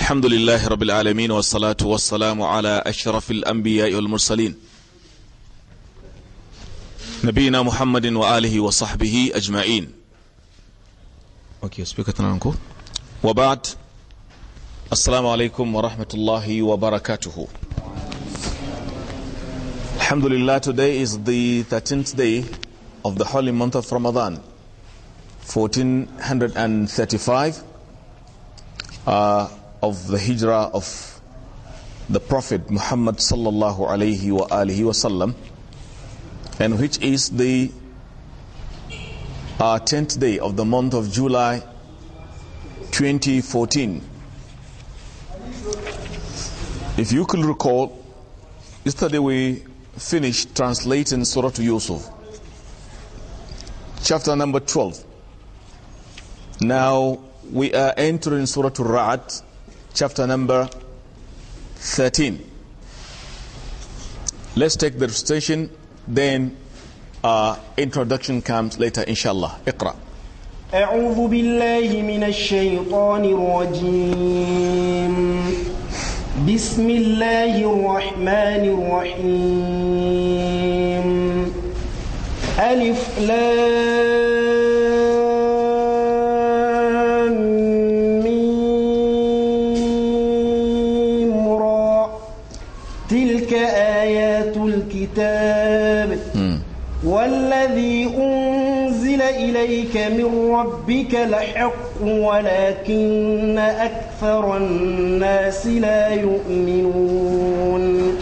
الحمد لله رب العالمين والصلاة والسلام على أشرف الأنبياء والمرسلين نبينا محمد وآله وصحبه أجمعين وبعد السلام عليكم ورحمة الله وبركاته الحمد لله today is the 13th day of the holy month of Ramadan, 1435 uh, of the hijrah of the Prophet Muhammad sallallahu alaihi wa alihi wasallam, and which is the uh, 10th day of the month of July 2014. If you could recall, yesterday we finished translating Surah to Yusuf, chapter number 12. Now we are entering Surah to Ra'at, chapter number 13. Let's take the recitation, then uh, introduction comes later, inshallah. Iqra. أعوذ بالله من الشيطان الرجيم بسم الله الرحمن الرحيم ألف لام إليك من ربك لحق ولكن أكثر الناس لا يؤمنون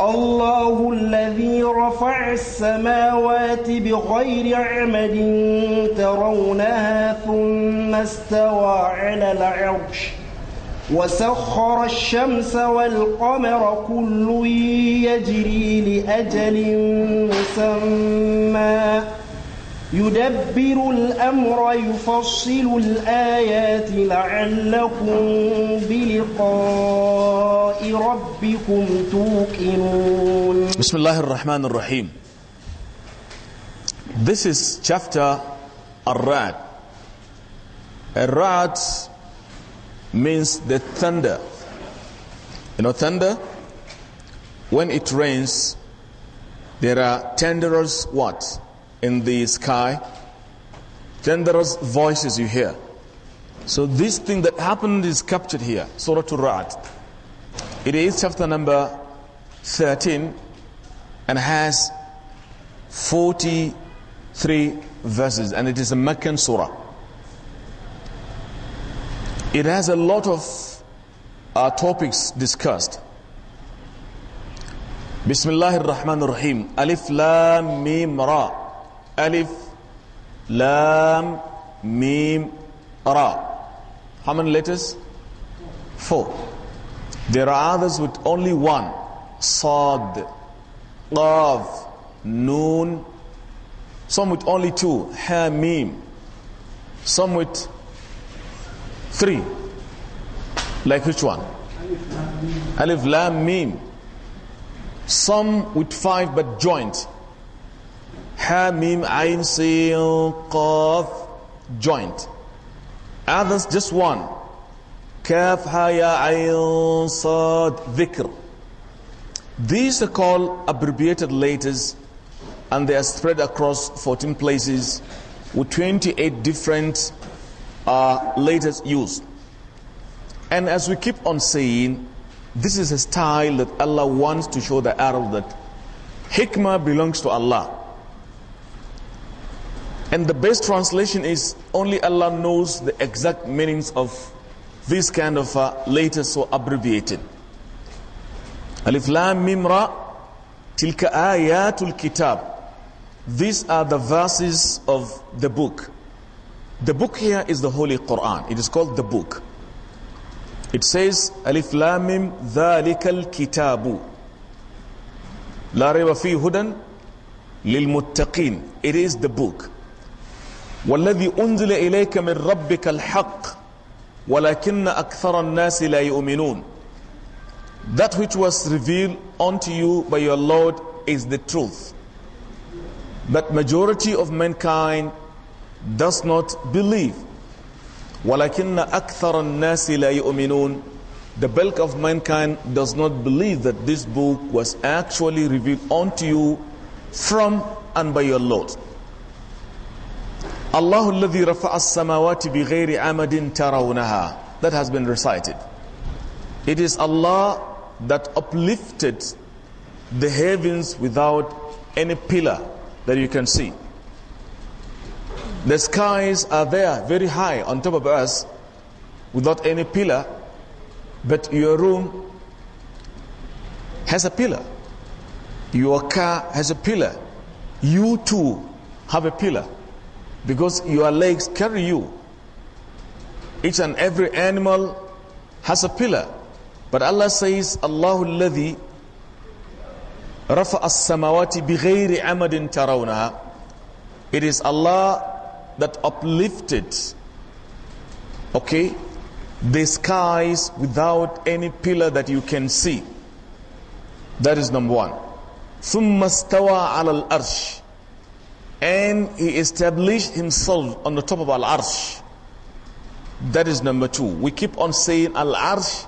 الله الذي رفع السماوات بغير عمد ترونها ثم استوى على العرش وسخر الشمس والقمر كل يجري لأجل مسمى يدبر الأمر يفصل الآيات لعلكم بلقاء ربكم توقنون بسم الله الرحمن الرحيم This is chapter Ar-Ra'd Ar-Ra'd means the thunder You know thunder? When it rains there are thunderous what? in the sky, then there are voices you hear. So this thing that happened is captured here, Surah Al-Ra'd. It is chapter number 13 and has 43 verses and it is a Meccan surah. It has a lot of uh, topics discussed. Bismillahir Rahmanir Rahim. Alif Lam Mim Ra. Alif, Lam, Mim, Ra. How many letters? Four. There are others with only one. Sad, Qaf, Noon. Some with only two. Ha, Mim. Some with three. Like which one? Alif, Lam, Mim. Some with five but joint. Hamim Mim, Ain, Seal, Qaf, joint. Others just one. Kaf, haya Ya, Ain, Sad, Dhikr. These are called abbreviated letters and they are spread across 14 places with 28 different uh, letters used. And as we keep on saying, this is a style that Allah wants to show the Arab that hikmah belongs to Allah. And the best translation is only Allah knows the exact meanings of this kind of uh, letters so abbreviated. Alif Lam Mim Ra Tilka Ayatul Kitab. These are the verses of the book. The book here is the Holy Quran. It is called the book. It says Alif Lam Mim Dhalikal Kitabu. La Reba Fi Hudan Lil Muttaqin. It is the book. والذي أنزل إليك من ربك الحق ولكن أكثر الناس لا يؤمنون That which was revealed unto you by your Lord is the truth. But majority of mankind does not believe. ولكن أكثر الناس لا يؤمنون The bulk of mankind does not believe that this book was actually revealed unto you from and by your Lord. Allah الذي رفع السماوات بغير عمد ترونها. That has been recited. It is Allah that uplifted the heavens without any pillar that you can see. The skies are there very high on top of us without any pillar, but your room has a pillar. Your car has a pillar. You too have a pillar because your legs carry you. Each and every animal has a pillar. But Allah says, "Allah alladhi rafa as-samawati bighayri amadin tarawnaha. It is Allah that uplifted, okay, the skies without any pillar that you can see. That is number one. ثم استوى على الأرش and he established himself on the top of Al Arsh. That is number two. We keep on saying Al Arsh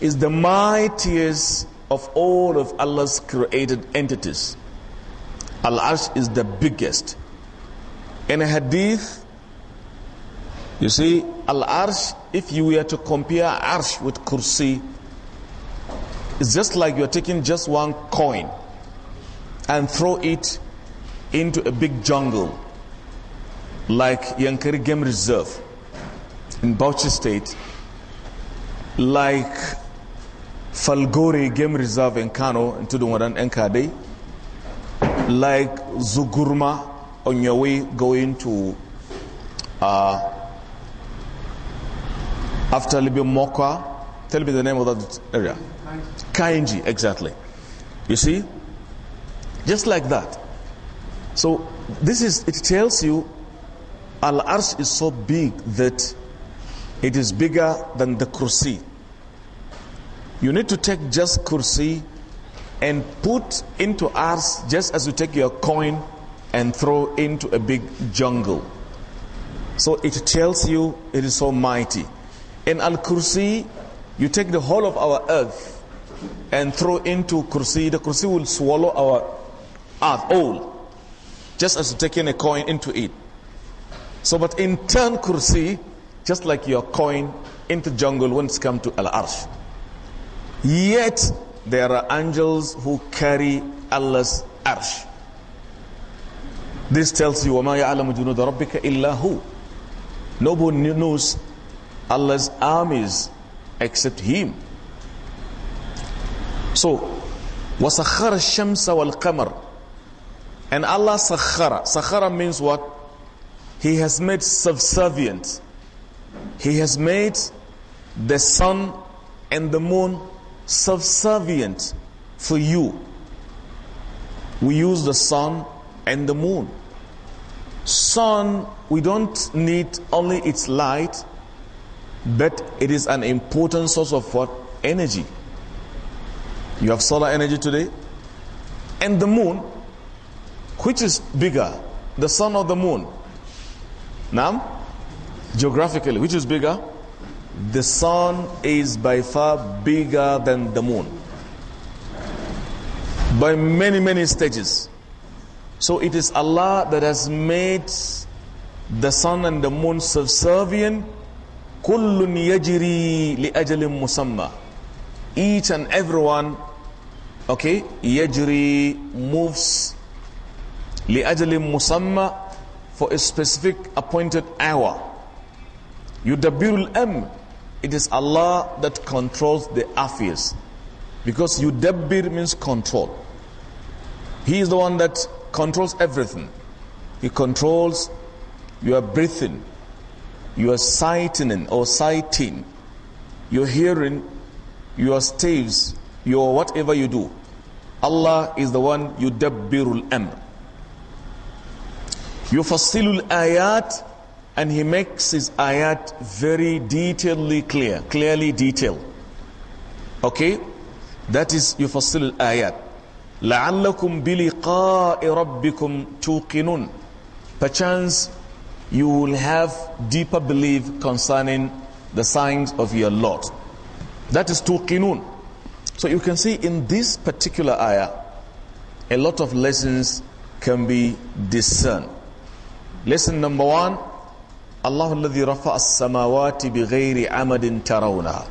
is the mightiest of all of Allah's created entities. Al Arsh is the biggest. In a hadith, you see, Al Arsh, if you were to compare Arsh with Kursi, it's just like you're taking just one coin and throw it into a big jungle like Yankari Game Reserve in Bauchi State, like Falgore Game Reserve in Kano in Tudunwadan Nkade, like Zugurma on your way going to uh, after Libya Mokwa. Tell me the name of that area. Kainji, exactly. You see? Just like that. So this is it tells you Al Arsh is so big that it is bigger than the kursi. You need to take just kursi and put into Arsh just as you take your coin and throw into a big jungle. So it tells you it is so mighty. In Al Kursi, you take the whole of our earth and throw into Kursi. The Kursi will swallow our earth all just as taking a coin into it. So, but in turn, kursi, just like your coin into jungle when it's come to Al Arsh. Yet, there are angels who carry Allah's Arsh. This tells you, وَمَا يَعْلَمُ جُنُودَ رَبِّكَ إِلَّا هُ Nobody knows Allah's armies except Him. So, وَسَخَّرَ الشَّمْسَ وَالْقَمَرَ and Allah sakhara. Sakhara means what? He has made subservient. He has made the sun and the moon subservient for you. We use the sun and the moon. Sun, we don't need only its light, but it is an important source of what? Energy. You have solar energy today. And the moon, which is bigger, the sun or the moon? Nam? Geographically, which is bigger? The sun is by far bigger than the moon. By many, many stages. So it is Allah that has made the sun and the moon subservient. كُلٌّ يَجْرِي لِأَجَلٍ مُسَمَّى Each and everyone, okay, يجري moves لأجل مسمى for a specific appointed hour. يدبر الأمر It is Allah that controls the affairs. Because yudabbir means control. He is the one that controls everything. He controls your breathing, your sighting or sighting, your hearing, your staves, your whatever you do. Allah is the one yudabbirul amr. يفصل الآيات and he makes his ayat very detailedly clear, clearly detailed. Okay? That is يفصل الآيات. لعلكم بلقاء ربكم توقنون. Perchance you will have deeper belief concerning the signs of your Lord. That is توقنون. So you can see in this particular ayah, a lot of lessons can be discerned. Lesson number one Allah الذي رفع السماوات بغير عمد ترونها.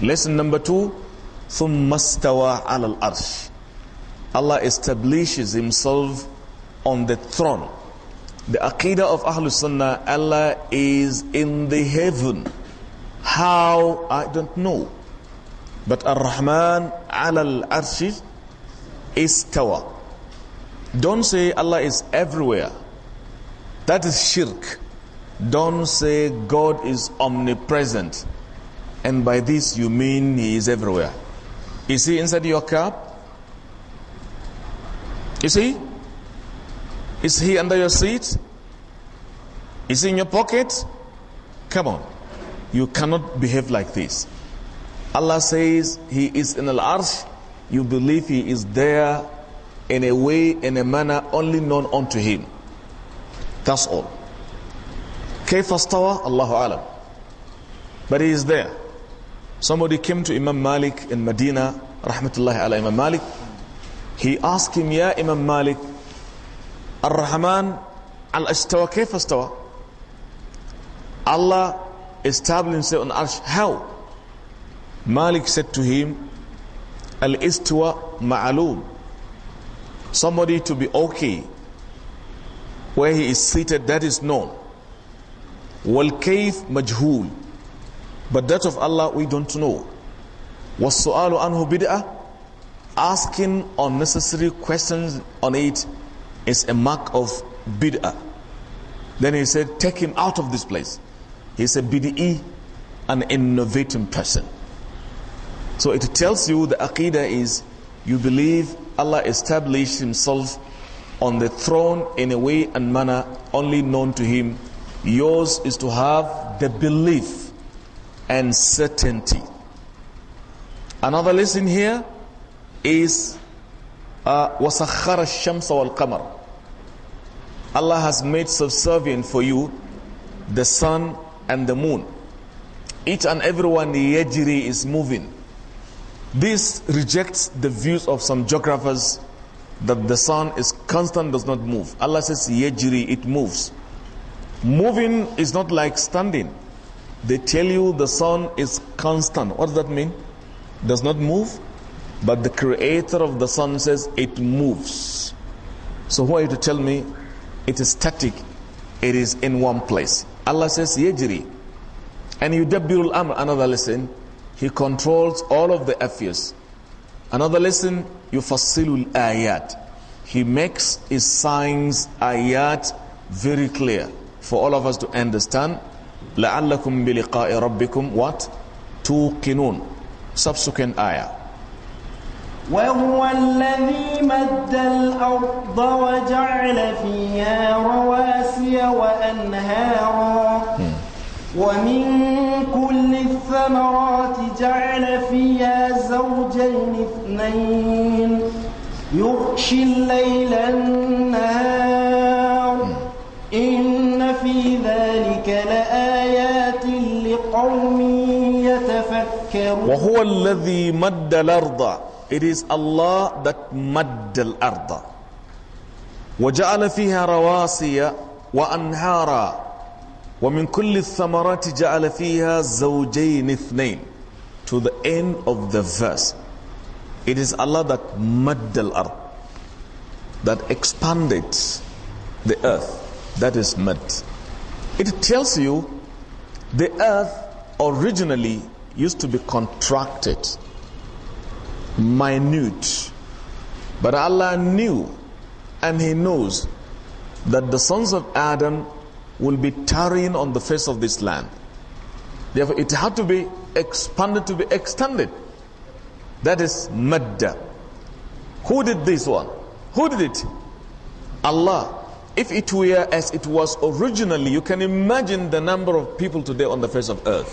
Lesson number two ثم استوى على الأرش. Allah establishes Himself on the throne. The Aqidah of Ahlul Sunnah, Allah is in the heaven. How? I don't know. But Ar-Rahman ala al is istawa. Don't say Allah is everywhere. That is shirk. Don't say God is omnipresent. And by this you mean He is everywhere. Is He inside your car? Is He? Is He under your seat? Is He in your pocket? Come on. You cannot behave like this. Allah says He is in Al Arsh. You believe He is there in a way, in a manner only known unto Him. That's all. كيف استوى الله أعلم But he is there. Somebody came to Imam Malik in Medina, rahmatullahi ala Imam Malik. He asked him, Ya Imam Malik, Ar-Rahman al-Istawa كيف استوى? Allah established himself on Arsh. How? Malik said to him, Al-Istawa ma'alum. Somebody to be okay where he is seated, that is known. Wal kayf majhul. But that of Allah we don't know. Was su'alu anhu bid'ah? Asking unnecessary questions on it is a mark of bid'ah. Then he said, take him out of this place. He's a bid'i, an innovating person. So it tells you the aqidah is you believe Allah established himself on the throne in a way and manner only known to him. Yours is to have the belief and certainty. Another lesson here uh, al-Shamsa wal-Qamar." Allah has made subservient for you the sun and the moon. Each and everyone yajri is moving. This rejects the views of some geographers that the sun is constant, does not move. Allah says, Yajri, it moves. Moving is not like standing. They tell you the sun is constant. What does that mean? Does not move? But the creator of the sun says it moves. So who are you to tell me it is static? It is in one place. Allah says, Yajri. And Yudabbirul Amr, another lesson, He controls all of the affairs. Another lesson, يُفَصِّلُ الْآيَاتِ He makes His signs, ayat, very clear for all of us to understand. لَعَلَّكُمْ بِلِقَاءِ رَبِّكُمْ What? تُوقِنُونَ Subsequent ayah. وهو الذي مد الأرض وجعل فيها رواسي وأنهارا ومن كل الثمرات جعل فيها زوجين اثنين يغشي الليل النهار إن في ذلك لآيات لقوم يتفكرون وهو الذي مد الأرض It is Allah that مد الأرض وجعل فيها رواسي وأنهارا ومن كل الثمرات جعل فيها زوجين اثنين to the end of the verse It is Allah that maddal ard, that expanded the earth. That is mad. It tells you the earth originally used to be contracted, minute. But Allah knew and He knows that the sons of Adam will be tarrying on the face of this land. Therefore, it had to be expanded to be extended. That is madda. Who did this one? Who did it? Allah. If it were as it was originally, you can imagine the number of people today on the face of earth.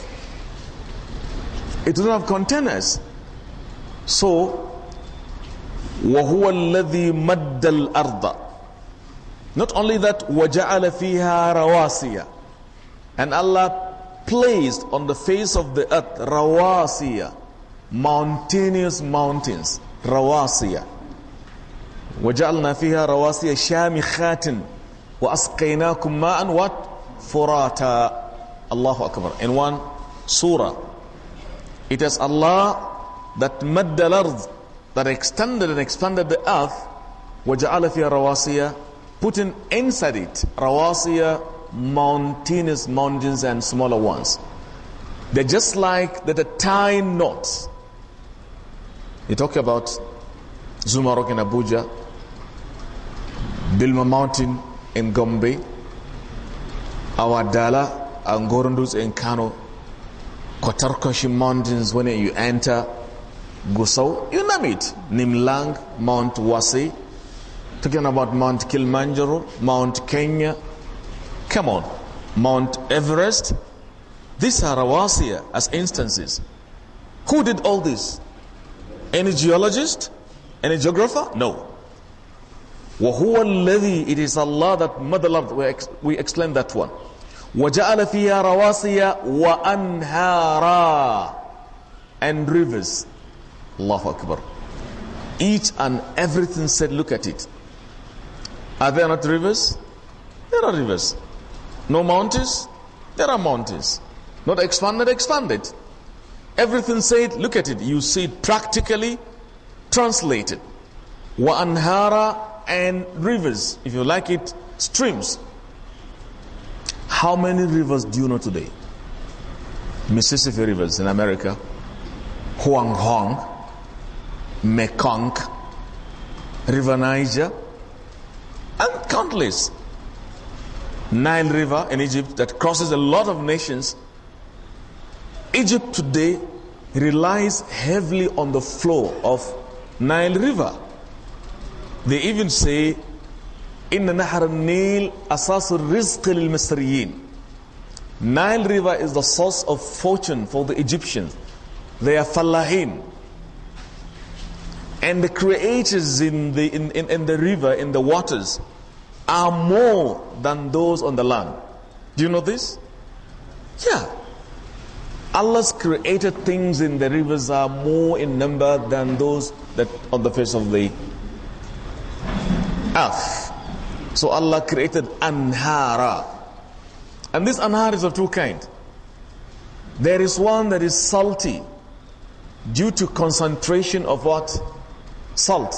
It doesn't have containers. So, وَهُوَ الَّذِي مَدَّ الْأَرْضَ Not only that, وَجَعَلَ فِيهَا رَوَاسِيَ And Allah placed on the face of the earth rawasiya mountainous mountains rawasiya waj'alna fiha rawasiya shamikhatin wa asqaynakum ma'an wat furata Allahu akbar in one surah it is Allah that made the earth that extended and expanded the earth waj'ala fiha rawasiya put in inside it rawasiya mountainous mountains and smaller ones they're just like that a tiny knots you talk about Zuma Rock in Abuja, Bilma Mountain in Gombe, Awadala and Gorondus in Kano, Kotarkoshi Mountains when you enter Gusau, you name it, Nimlang, Mount Wasi, talking about Mount Kilimanjaro, Mount Kenya, come on, Mount Everest. These are Rawasiya as instances. Who did all this? Any geologist? Any geographer? No. وَهُوَ الَّذِي It is Allah that mother loved. We, ex we explain that one. وَجَعَلَ فِيهَا رَوَاسِيَ وَأَنْهَارًا And rivers. Allahu Akbar. Each and everything said, look at it. Are there not rivers? There are rivers. No mountains? There are mountains. Not expanded, expanded. Everything said, look at it. You see it practically translated. Waanhara and rivers. If you like it, streams. How many rivers do you know today? Mississippi rivers in America, Huang Hong, Mekong, River Niger, and countless. Nile River in Egypt that crosses a lot of nations Egypt today relies heavily on the flow of Nile River. They even say, إن نهر Nile, asas الرزق masriyin Nile River is the source of fortune for the Egyptians. They are fallahin. And the creators in the, in, in, in the river, in the waters, are more than those on the land. Do you know this? Yeah. Allah's created things in the rivers are more in number than those that on the face of the earth. So Allah created anhara. And this anhar is of two kinds. There is one that is salty due to concentration of what? Salt.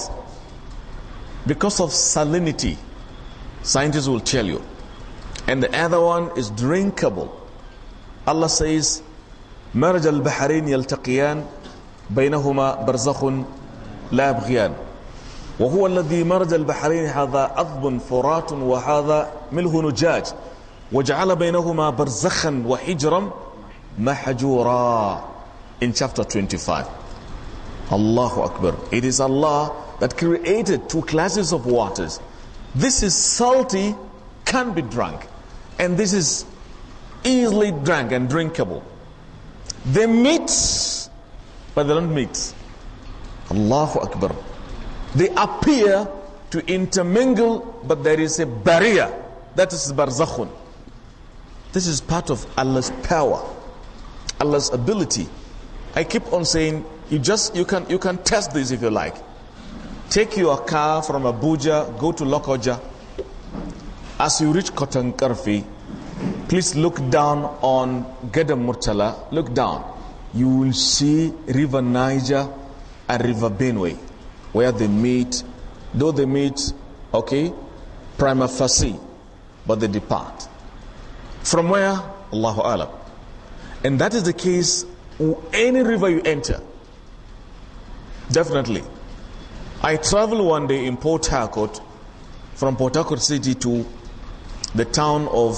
Because of salinity. Scientists will tell you. And the other one is drinkable. Allah says, مرج البحرين يلتقيان بينهما برزخ لا بغيان وهو الذي مرج البحرين هذا عظم فرات وهذا مله نجاج وجعل بينهما برزخا وحجرا محجورا in chapter 25 Allahu Akbar it is Allah that created two classes of waters this is salty can be drunk and this is easily drunk and drinkable They meet, but they don't meet. Allahu Akbar. They appear to intermingle, but there is a barrier. That is barzakhun. This is part of Allah's power, Allah's ability. I keep on saying, you just you can you can test this if you like. Take your car from Abuja, go to Lokoja. As you reach Kotankarfi, Please look down on Gada Murtala. Look down. You will see River Niger and River Benue where they meet. Though they meet, okay, prima facie, but they depart. From where? Allahu Alam. And that is the case any river you enter. Definitely. I traveled one day in Port Harcourt, from Port Harcourt City to the town of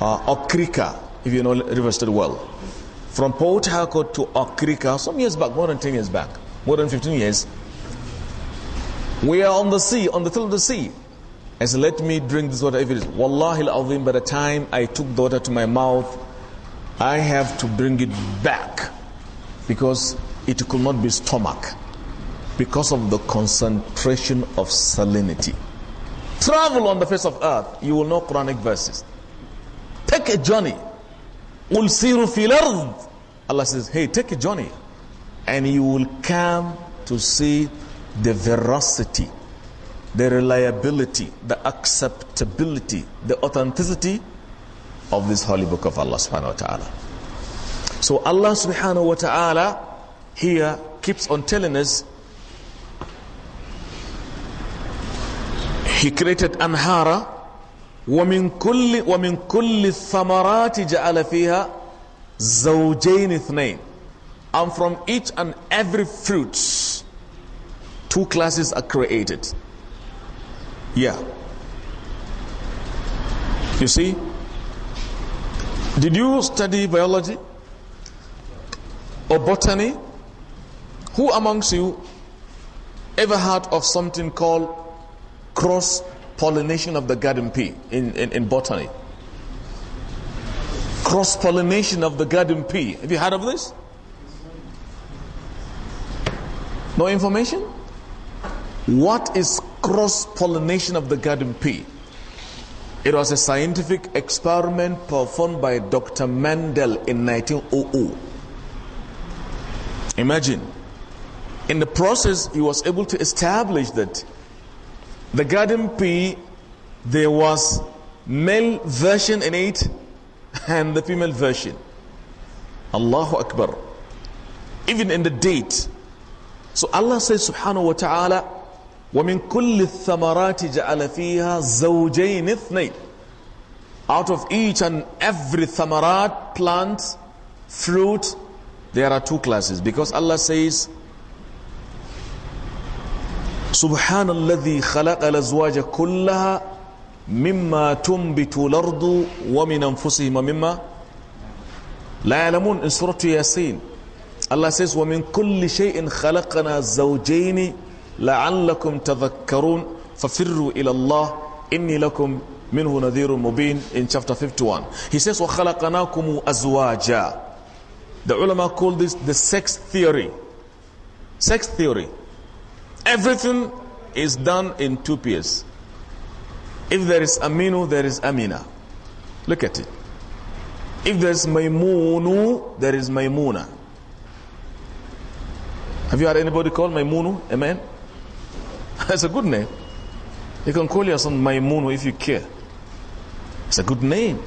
uh, Okrika, if you know the well. From Port Harcourt to Okrika, some years back, more than 10 years back, more than 15 years, we are on the sea, on the till of the sea. I said, let me drink this water if it is. Wallahi al-azim, by the time I took the water to my mouth, I have to bring it back because it could not be stomach because of the concentration of salinity. Travel on the face of earth, you will know Quranic verses. Take a journey. Ulsiru fil Allah says, hey, take a journey. And you will come to see the veracity, the reliability, the acceptability, the authenticity of this holy book of Allah subhanahu wa ta'ala. So Allah subhanahu wa ta'ala here keeps on telling us He created anhara. ومن كل ومن كل الثمرات جعل فيها زوجين اثنين and from each and every fruit two classes are created yeah you see did you study biology or botany who amongst you ever heard of something called cross pollination of the garden pea in, in, in botany. Cross pollination of the garden pea. Have you heard of this? No information? What is cross pollination of the garden pea? It was a scientific experiment performed by Dr. Mendel in 1900. Imagine. In the process, he was able to establish that the garden pea, there was male version in it and the female version. Allahu Akbar. Even in the date. So Allah says subhanahu wa ta'ala, وَمِن كُلِّ الثَّمَرَاتِ جَعَلَ فِيهَا زَوْجَيْنِ اثْنَيْنِ Out of each and every thamarat, plant, fruit, there are two classes. Because Allah says, سبحان الذي خلق الأزواج كلها مما تنبت الأرض ومن أنفسهم مما لا يعلمون ان سوره ياسين الله says وَمِن كُلِّ شَيْءٍ خَلَقَنَا زَوْجَيْنِ لَعَلَّكُمْ تَذَكَّرُونَ فَفِرُّوا إِلَى اللَّهِ إِنِّي لَكُمْ مِنْهُ نَذِيرٌ مُبِينٌ in chapter 51 He says وَخَلَقَنَاكُمْ أَزْوَاجًا The ulama call this the sex theory. Sex theory. Everything is done in two pairs. If there is Aminu, there is Amina. Look at it. If there is Maimunu, there is Maimuna. Have you had anybody called Maimunu? A man? That's a good name. You can call your son Maimunu if you care. It's a good name.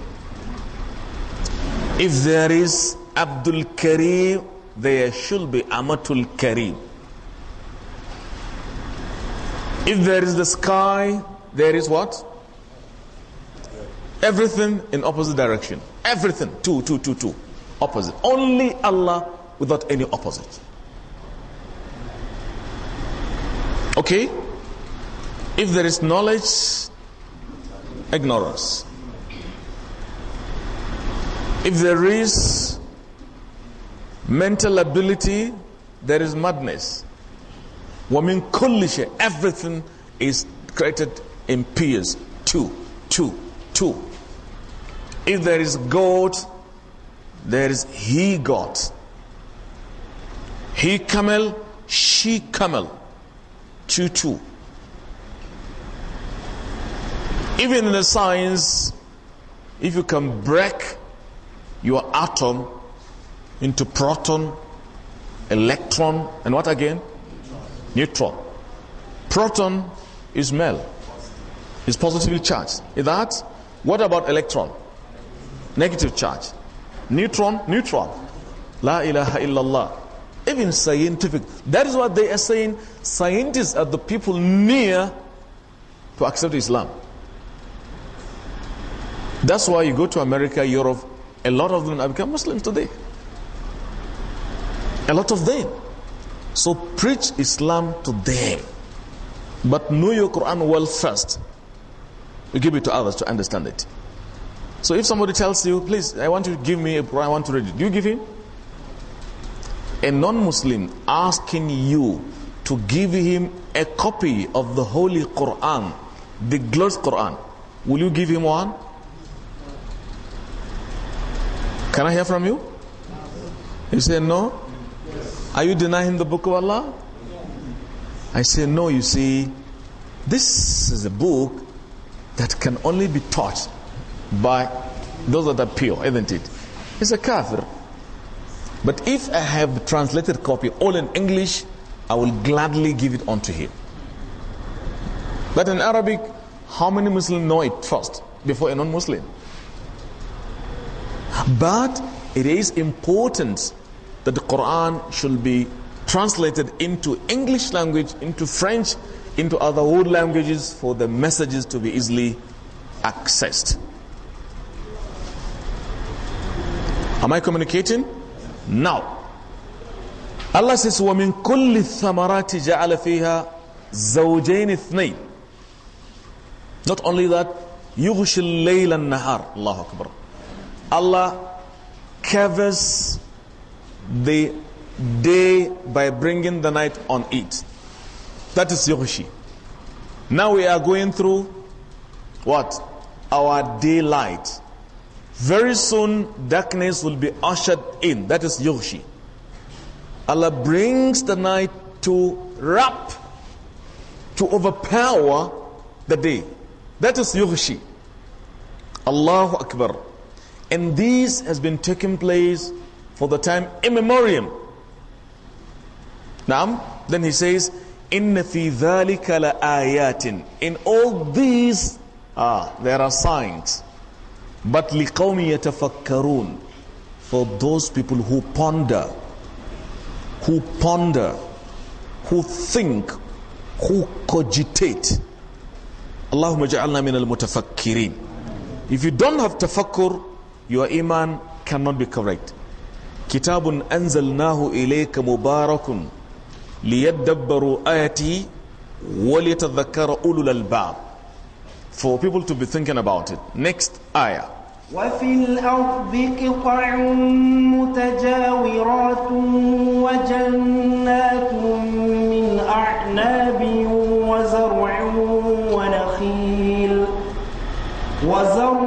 If there is Abdul Karim, there should be Amatul Karim. If there is the sky, there is what? Everything in opposite direction. Everything. Two, two, two, two. Opposite. Only Allah without any opposite. Okay? If there is knowledge, ignorance. If there is mental ability, there is madness. وَمِن كُلِّ شَيْءٍ Everything is created in pairs. Two, two, two. If there is God, there is He God. He camel, she camel. Two, two. Even in the science, if you can break your atom into proton, electron, and what again? neutral. Proton is male, is positively charged. Is that? What about electron? Negative charge. Neutron, neutral. La ilaha illallah. Even scientific. That is what they are saying. Scientists are the people near to accept Islam. That's why you go to America, Europe, a lot of them have become Muslims today. A lot of them. So preach Islam to them. But know your Quran well first. You give it to others to understand it. So if somebody tells you, please, I want you to give me a Quran, I want to read it, do you give him? A non Muslim asking you to give him a copy of the Holy Quran, the glorious Quran, will you give him one? Can I hear from you? You say no? Are you denying the book of Allah? I say, No, you see, this is a book that can only be taught by those that are pure, isn't it? It's a kafir. But if I have translated copy all in English, I will gladly give it unto him. But in Arabic, how many Muslims know it first before a non-Muslim? But it is important that the Quran should be translated into English language, into French, into other world languages for the messages to be easily accessed. Am I communicating? Now, Allah says, وَمِن كُلِّ الثَّمَرَاتِ جَعَلَ فِيهَا زَوْجَيْنِ اثْنَيْنِ Not only that, يُغْشِ اللَّيْلَ النَّهَارِ Allah Akbar. Allah covers the day by bringing the night on it. That is Yoshi. Now we are going through what? Our daylight. Very soon, darkness will be ushered in. That is Yoshi. Allah brings the night to wrap, to overpower the day. That is Yoshi. Allahu Akbar. And this has been taking place for the time immemorial. Now, then he says, إِنَّ In all these, ah, there are signs. But لِقَوْمِ يَتَفَكَّرُونَ For those people who ponder, who ponder, who think, who cogitate. Allahumma ja'alna min al-mutafakkirin. If you don't have tafakkur, your iman cannot be correct. كتاب أنزلناه إليك مبارك ليدبروا آياته وليتذكر أولو الألباب for people to be thinking about it next ayah وفي الأرض قطع متجاورات وجنات من أعناب وزرع ونخيل وزرع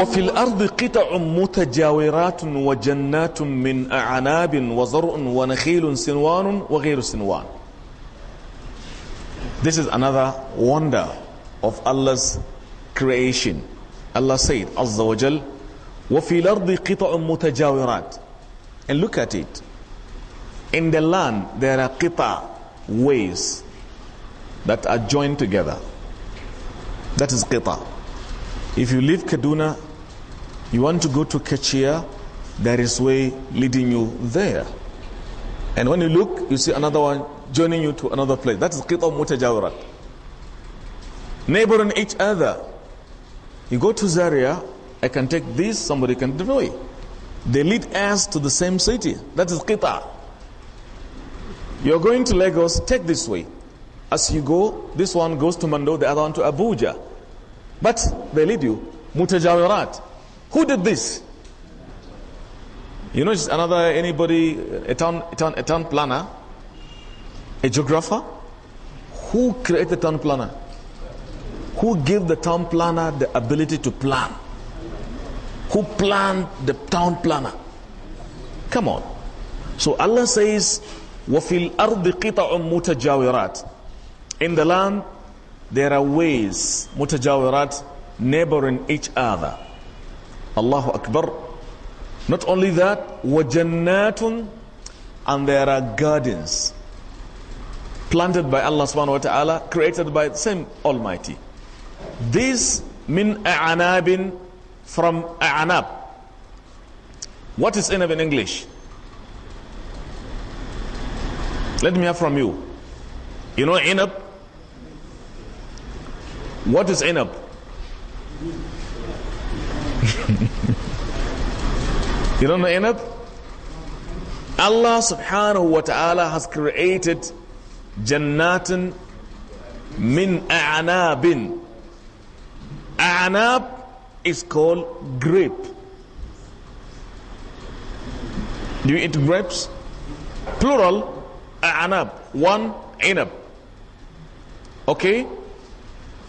وفي الأرض قطع متجاورات وجنات من أعناب وزرع ونخيل سنوان وغير سنوان This is another wonder of Allah's creation. Allah said, Azza wa Jal, وَفِي الْأَرْضِ قِطَعٌ مُتَجَاوِرَاتٍ And look at it. In the land, there are qita, ways that are joined together. That is qita. If you leave Kaduna, You want to go to Kachia, there is way leading you there. And when you look, you see another one joining you to another place. That is Qita Mutajawarat. Neighboring each other. You go to Zaria, I can take this, somebody can deploy. They lead us to the same city. That is Qita. You're going to Lagos, take this way. As you go, this one goes to Mando, the other one to Abuja. But they lead you. Mutajawirat. Who did this? You know, it's another anybody, a town, a town, a town planner, a geographer. Who created the town planner? Who gave the town planner the ability to plan? Who planned the town planner? Come on. So Allah says, وَفِي الْأَرْضِ قِطَعٌ مُتَجَاوِرَاتٍ In the land, there are ways, mutajawirat, neighboring each other. Allahu Akbar. Not only that, وَجَنَّاتٌ And there are gardens planted by Allah subhanahu wa ta'ala, created by the same Almighty. This min a'anabin from a'anab. What is inab in English? Let me hear from you. You know inab? What is inab? You don't know Enab? Allah subhanahu wa ta'ala has created Jannatin min a'anabin. A'anab is called grape. Do you eat grapes? Plural, a'anab. One, inab. Okay?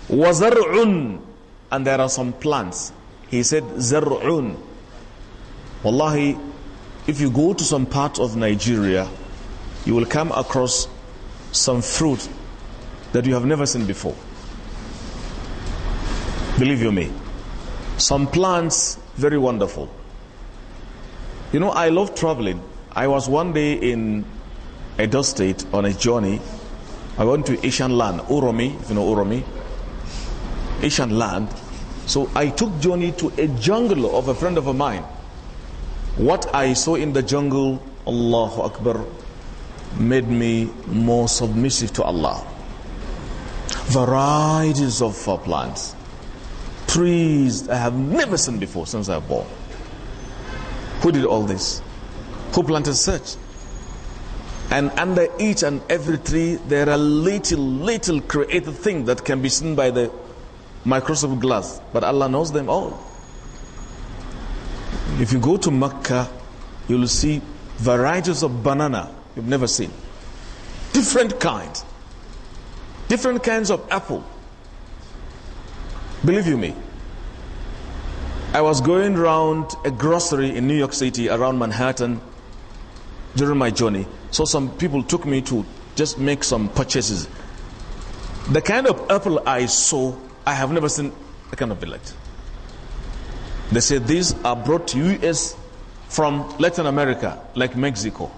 Wazar'un. And there are some plants. He said, zar'un. Wallahi, if you go to some part of Nigeria, you will come across some fruit that you have never seen before. Believe you me. Some plants, very wonderful. You know, I love traveling. I was one day in Edo State on a journey. I went to Asian land, Uromi, if you know Uromi. Asian land. So I took journey to a jungle of a friend of mine. What I saw in the jungle, Allahu Akbar, made me more submissive to Allah. Varieties of uh, plants, trees I have never seen before since I was born. Who did all this? Who planted such? And under each and every tree, there are little, little created things that can be seen by the microscope glass. But Allah knows them all. If you go to Mecca, you'll see varieties of banana you've never seen. Different kinds. Different kinds of apple. Believe you me. I was going around a grocery in New York City around Manhattan during my journey. So some people took me to just make some purchases. The kind of apple I saw, I have never seen a kind of it like they say these are brought to US from Latin America, like Mexico.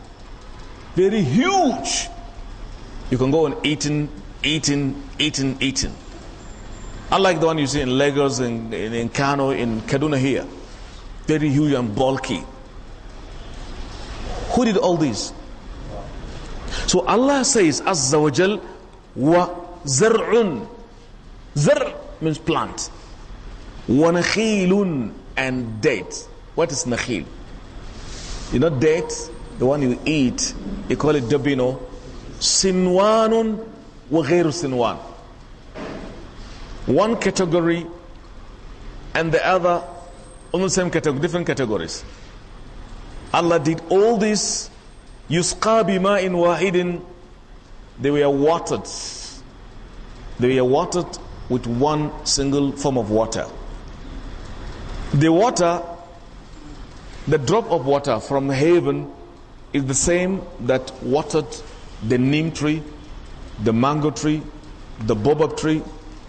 Very huge. You can go and eating, eating, eating, eating. Unlike the one you see in Lagos, in, in, in Kano, in Kaduna here. Very huge and bulky. Who did all this? So Allah says, Azza wa Jal, wa zar'un. Zar means plant. Wa nakhilun and date. What is nakhil? You know date, the one you eat, you call it dabino. Sinwanun wa sinwan. One category and the other on the same category, different categories. Allah did all this. ma in wahidin. They were watered. They were watered with one single form of water. The water, the drop of water from heaven is the same that watered the neem tree, the mango tree, the boba tree,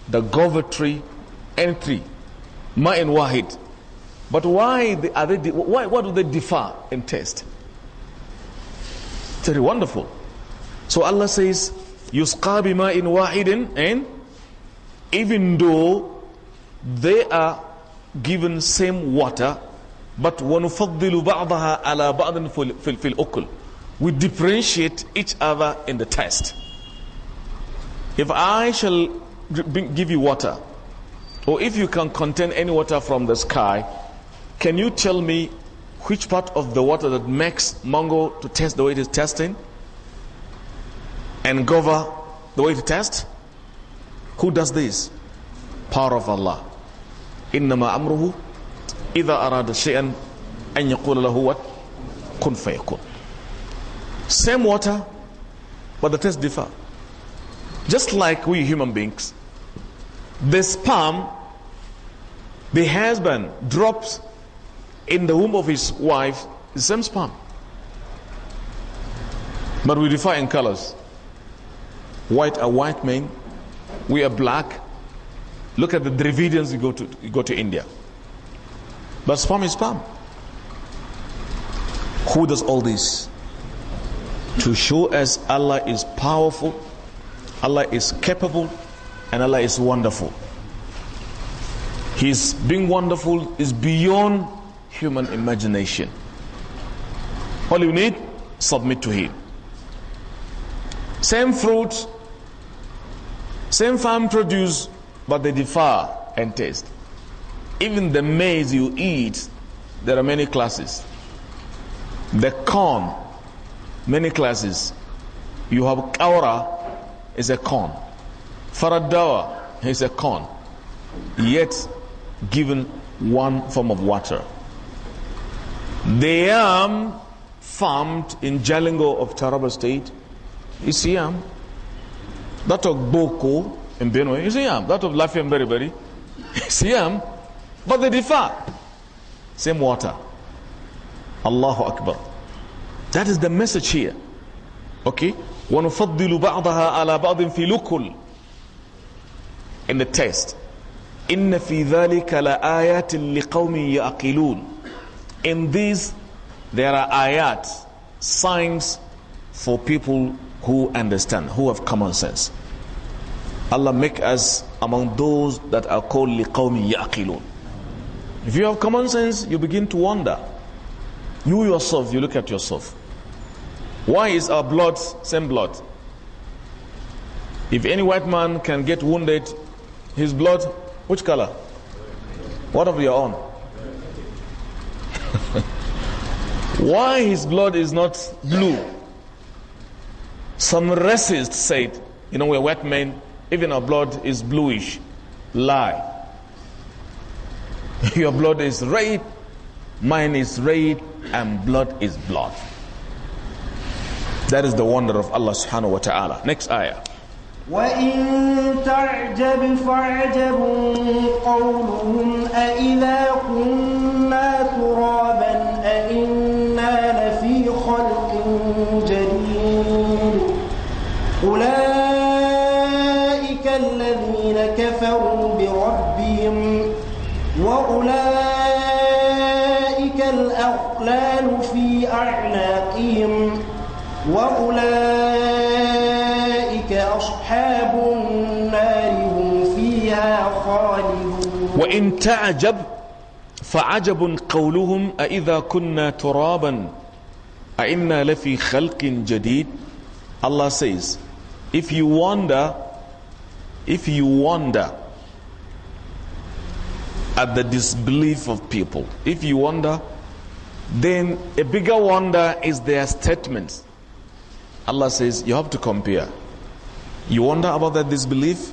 the guava tree, and tree. in wahid. But why are they, why, what do they differ in taste? It's very wonderful. So Allah says, Yusqa in wahidin, and even though they are given same water, but وَنُفَضِّلُ بَعْضَهَا عَلَى بَعْضٍ فِي الْأُكُلِ We differentiate each other in the test. If I shall give you water, or if you can contain any water from the sky, can you tell me which part of the water that makes mango to test the way it is testing And Gova the way it test? Who does this? Power of Allah. إنما أمره إذا أراد شيئا أن يقول له what كن same water but the taste differ just like we human beings the sperm the husband drops in the womb of his wife the same sperm but we differ in colors white are white men we are black Look at the Dravidians you go to, you go to India. But spam is spam. Who does all this? To show us Allah is powerful, Allah is capable, and Allah is wonderful. His being wonderful is beyond human imagination. All you need, submit to Him. Same fruit, same farm produce, but they differ in taste. Even the maize you eat, there are many classes. The corn, many classes. You have kaura, is a corn. Faradawa is a corn, yet given one form of water. The yam farmed in Jalingo of Taraba State is yam. That of Boko in Benue is Siam. That of Lafiam Beriberi Siam. But they differ. Same water. Allahu Akbar. That is the message here. Okay? وَنُفَضِّلُ بَعْضَهَا عَلَى بَعْضٍ فِي لُكُلٍ In the text. إِنَّ فِي ذَلِكَ لَآيَاتٍ لِقَوْمٍ يَأْقِلُونَ In this, there are ayat, signs for people who understand, who have common sense. Allah make us among those that are called liqawmi yaqilun. If you have common sense, you begin to wonder. You yourself, you look at yourself. Why is our blood same blood? If any white man can get wounded, his blood, which color? What of your own? Why his blood is not blue? Some racist said, you know, we're white men, even our blood is bluish. Lie. Your blood is red, mine is red, and blood is blood. That is the wonder of Allah subhanahu wa ta'ala. Next ayah. وإن تعجب فعجب قولهم أإذا كنا ترابا أإنا لفي خلق جديد أولئك الأغلال في أعناقهم وأولئك أصحاب النار هم فيها خالدون وإن تعجب فعجب قولهم أإذا كنا ترابا أإنا لفي خلق جديد Allah says if you wonder if you wonder at the disbelief of people if you wonder Then a bigger wonder is their statements. Allah says, You have to compare. You wonder about that disbelief?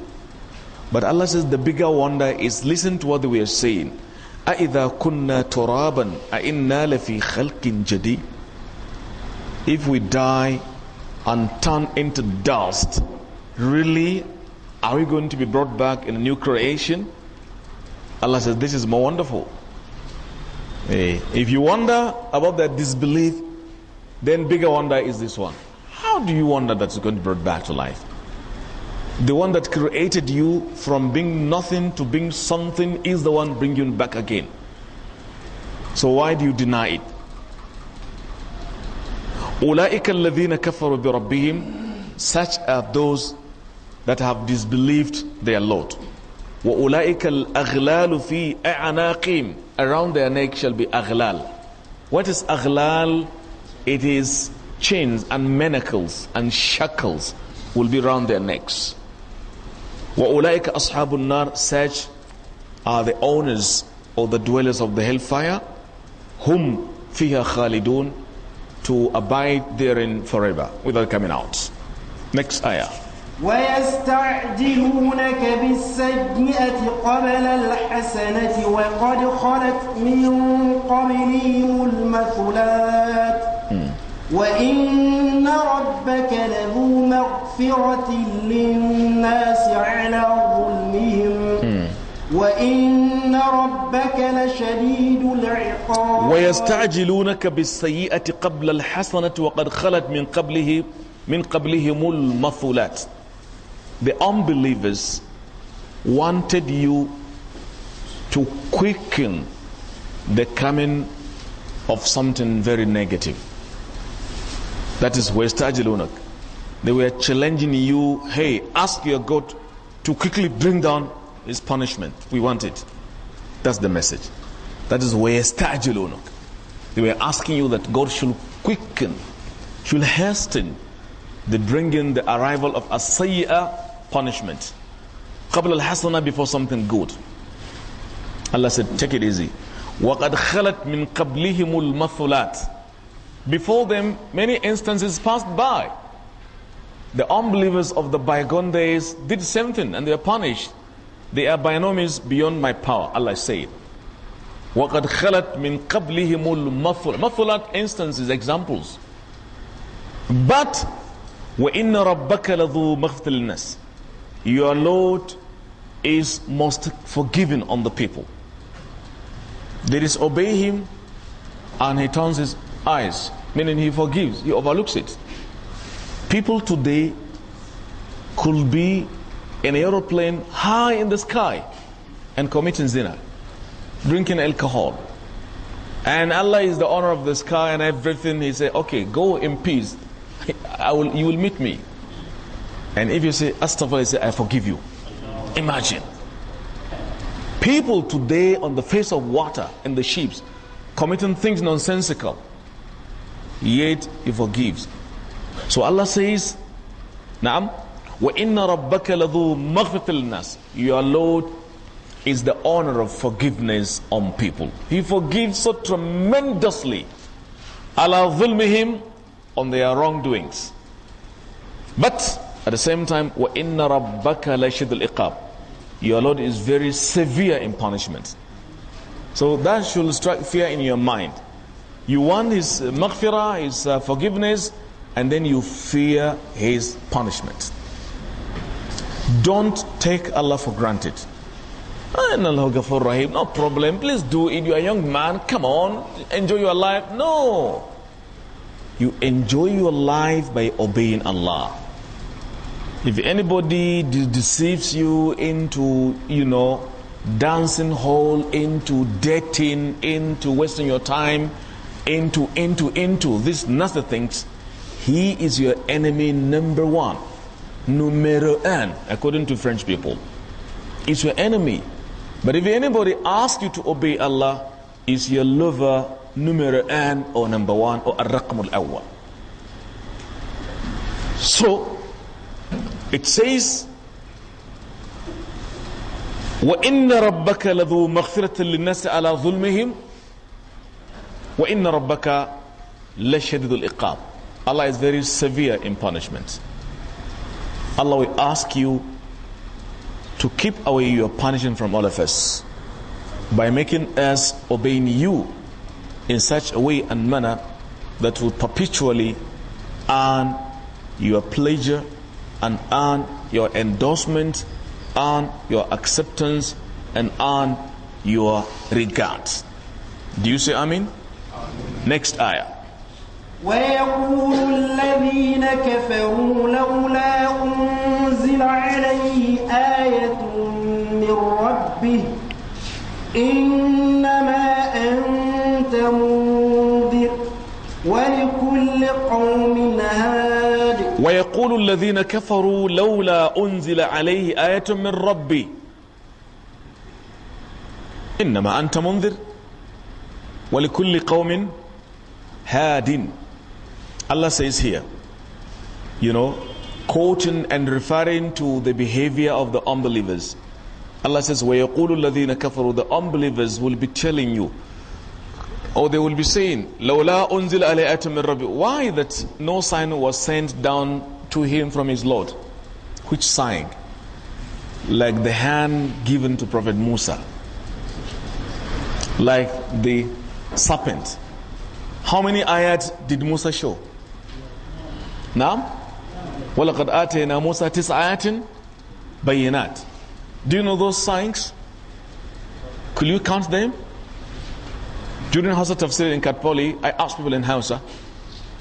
But Allah says, The bigger wonder is listen to what we are saying. أَإِذَا كُنَّا تُرَابًا أَإِنَّا لَفِي خَلْقٍ جَدِيدٍ If we die and turn into dust, really, are we going to be brought back in a new creation? Allah says, This is more wonderful. Eh, if you wonder about that disbelief, then bigger wonder is this one. How do you wonder that's going to be brought back to life? The one that created you from being nothing to being something is the one bringing you back again. So why do you deny it? Such are those that have disbelieved their Lord. وَأُولَٰئِكَ الْأَغْلَالُ فِي أَعْنَاقِهِمْ Around their neck shall be aghlal. What is aghlal? It is chains and manacles and shackles will be round their necks. وَأُولَٰئِكَ أَصْحَابُ النَّارِ Such are the owners or the dwellers of the hellfire. whom فِيهَا خَالِدُونَ To abide therein forever without coming out. Next ayah. ويستعجلونك بالسيئة قبل الحسنة وقد خلت من قبلهم المثلات وإن ربك لذو مغفرة للناس على ظلمهم وإن ربك لشديد العقاب ويستعجلونك بالسيئة قبل الحسنة وقد خلت من قبله من قبلهم المثلات the unbelievers wanted you to quicken the coming of something very negative. That is Westajilunak. They were challenging you, hey, ask your God to quickly bring down his punishment. We want it. That's the message. That is Westajilunak. They were asking you that God should quicken, should hasten the bringing, the arrival of a punishment. قبل الحسنة before something good. Allah said, take it easy. وَقَدْ خَلَتْ مِنْ قَبْلِهِمُ الْمَثُلَاتِ Before them, many instances passed by. The unbelievers of the bygone days did same thing and they are punished. They are by no means beyond my power, Allah said. وَقَدْ خَلَتْ مِنْ قَبْلِهِمُ الْمَثُلَاتِ Mathulat instances, examples. But وَإِنَّ رَبَّكَ لَذُو مَغْفِرَةٍ your Lord is most forgiving on the people. They disobey him and he turns his eyes, meaning he forgives, he overlooks it. People today could be in an aeroplane high in the sky and committing zina, drinking alcohol. And Allah is the owner of the sky and everything. He said, okay, go in peace. I will, you will meet me. And if you say, Astaghfirullah, say, I forgive you. Imagine. People today on the face of water and the ships committing things nonsensical, yet He forgives. So Allah says, Naam, وَإِنَّ رَبَّكَ لَذُو مَغْفِرَةٍ nas." Your Lord is the honor of forgiveness on people. He forgives so tremendously. Allah him on their wrongdoings. But at the same time, وَإِنَّ رَبَّكَ لَشِدُ الْإِقَابِ Your Lord is very severe in punishment. So that should strike fear in your mind. You want His uh, maghfirah, His uh, forgiveness, and then you fear His punishment. Don't take Allah for granted. Ah, no problem. Please do it. You're a young man. Come on. Enjoy your life. No. You enjoy your life by obeying Allah. If anybody de deceives you into, you know, dancing hall, into dating, into wasting your time, into, into, into these nasty things, he is your enemy number one. Numero un, according to French people. It's your enemy. But if anybody asks you to obey Allah, is your lover numero un or number one or arraqmul awwal. So it says, وإن ربك لذو مغفرة للناس على ظلمهم وإن ربك لشديد الإقاب Allah is very severe in punishment. Allah will ask you to keep away your punishment from all of us by making us obeying you in such a way and manner that will perpetually earn your pleasure and earn your endorsement, earn your acceptance, and earn your regard. Do you say Amen? mean? Next ayah. ويقول الذين كفروا لولا أنزل عليه آية من ربه إن الذين كفروا لولا أنزل عليه آية من ربي إنما أنت منذر ولكل قوم هاد Allah says here you know quoting and referring to the behavior of the unbelievers Allah says وَيَقُولُ الَّذِينَ كَفَرُوا the unbelievers will be telling you or they will be saying لَوْلَا أُنزِلَ عَلَيْهَةٌ مِّن why that no sign was sent down to him from his Lord, which sign? Like the hand given to Prophet Musa, like the serpent. How many ayat did Musa show? Now? وَلَقَدْ آتَيْنَا مُوسَى تِسْعَ آيَاتٍ Do you know those signs? Could you count them? During Hausa Tafsir in Katpoli, I asked people in Hausa.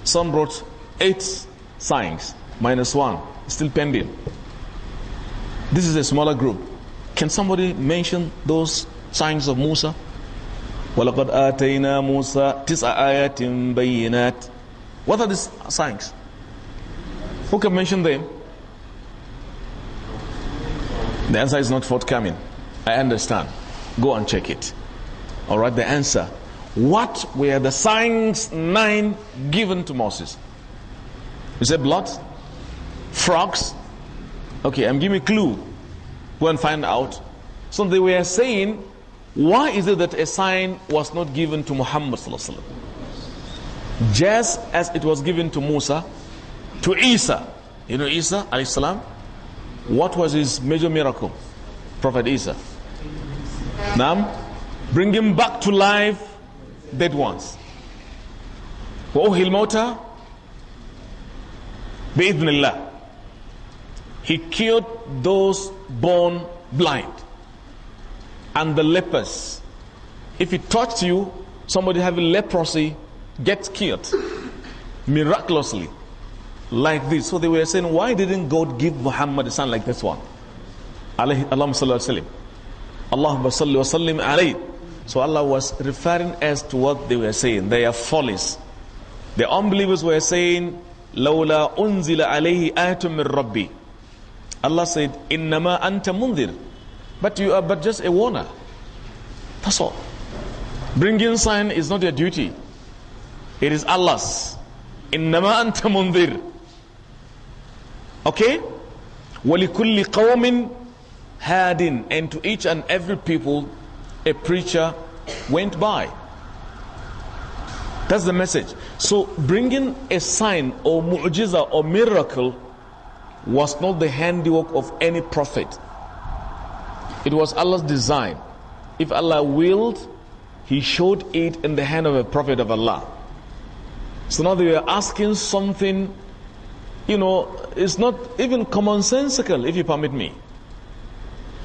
Some brought eight signs minus 1, still pending. This is a smaller group. Can somebody mention those signs of Musa? وَلَقَدْ آتَيْنَا مُوسَى تِسْعَ آيَاتٍ بَيِّنَاتٍ What are these signs? Who can mention them? The answer is not forthcoming. I understand. Go and check it. All right, the answer. What were the signs nine given to Moses? Is it blood? frogs. Okay, I'm giving a clue. Go and find out. So they were saying, why is it that a sign was not given to Muhammad just as it was given to Musa, to Isa? You know Isa alayhi salam? What was his major miracle? Prophet Isa. Nam, bring him back to life, dead ones. وأهي الموتى بإذن الله he cured those born blind and the lepers. If he touched you, somebody having leprosy gets cured miraculously like this. So they were saying, why didn't God give Muhammad a son like this one? Allahumma So Allah was referring as to what they were saying. They are follies. The unbelievers were saying, لولا أنزل عليه آية من Allah said, Innama anta mundir. But you are but just a warner. That's all. Bringing sign is not your duty. It is Allah's. Innama anta mundir. Okay? وَلِكُلِّ قَوْمٍ هَادٍ And to each and every people, a preacher went by. That's the message. So bringing a sign or mu'jiza or miracle was not the handiwork of any prophet. It was Allah's design. If Allah willed, He showed it in the hand of a prophet of Allah. So now they were asking something, you know, it's not even commonsensical, if you permit me.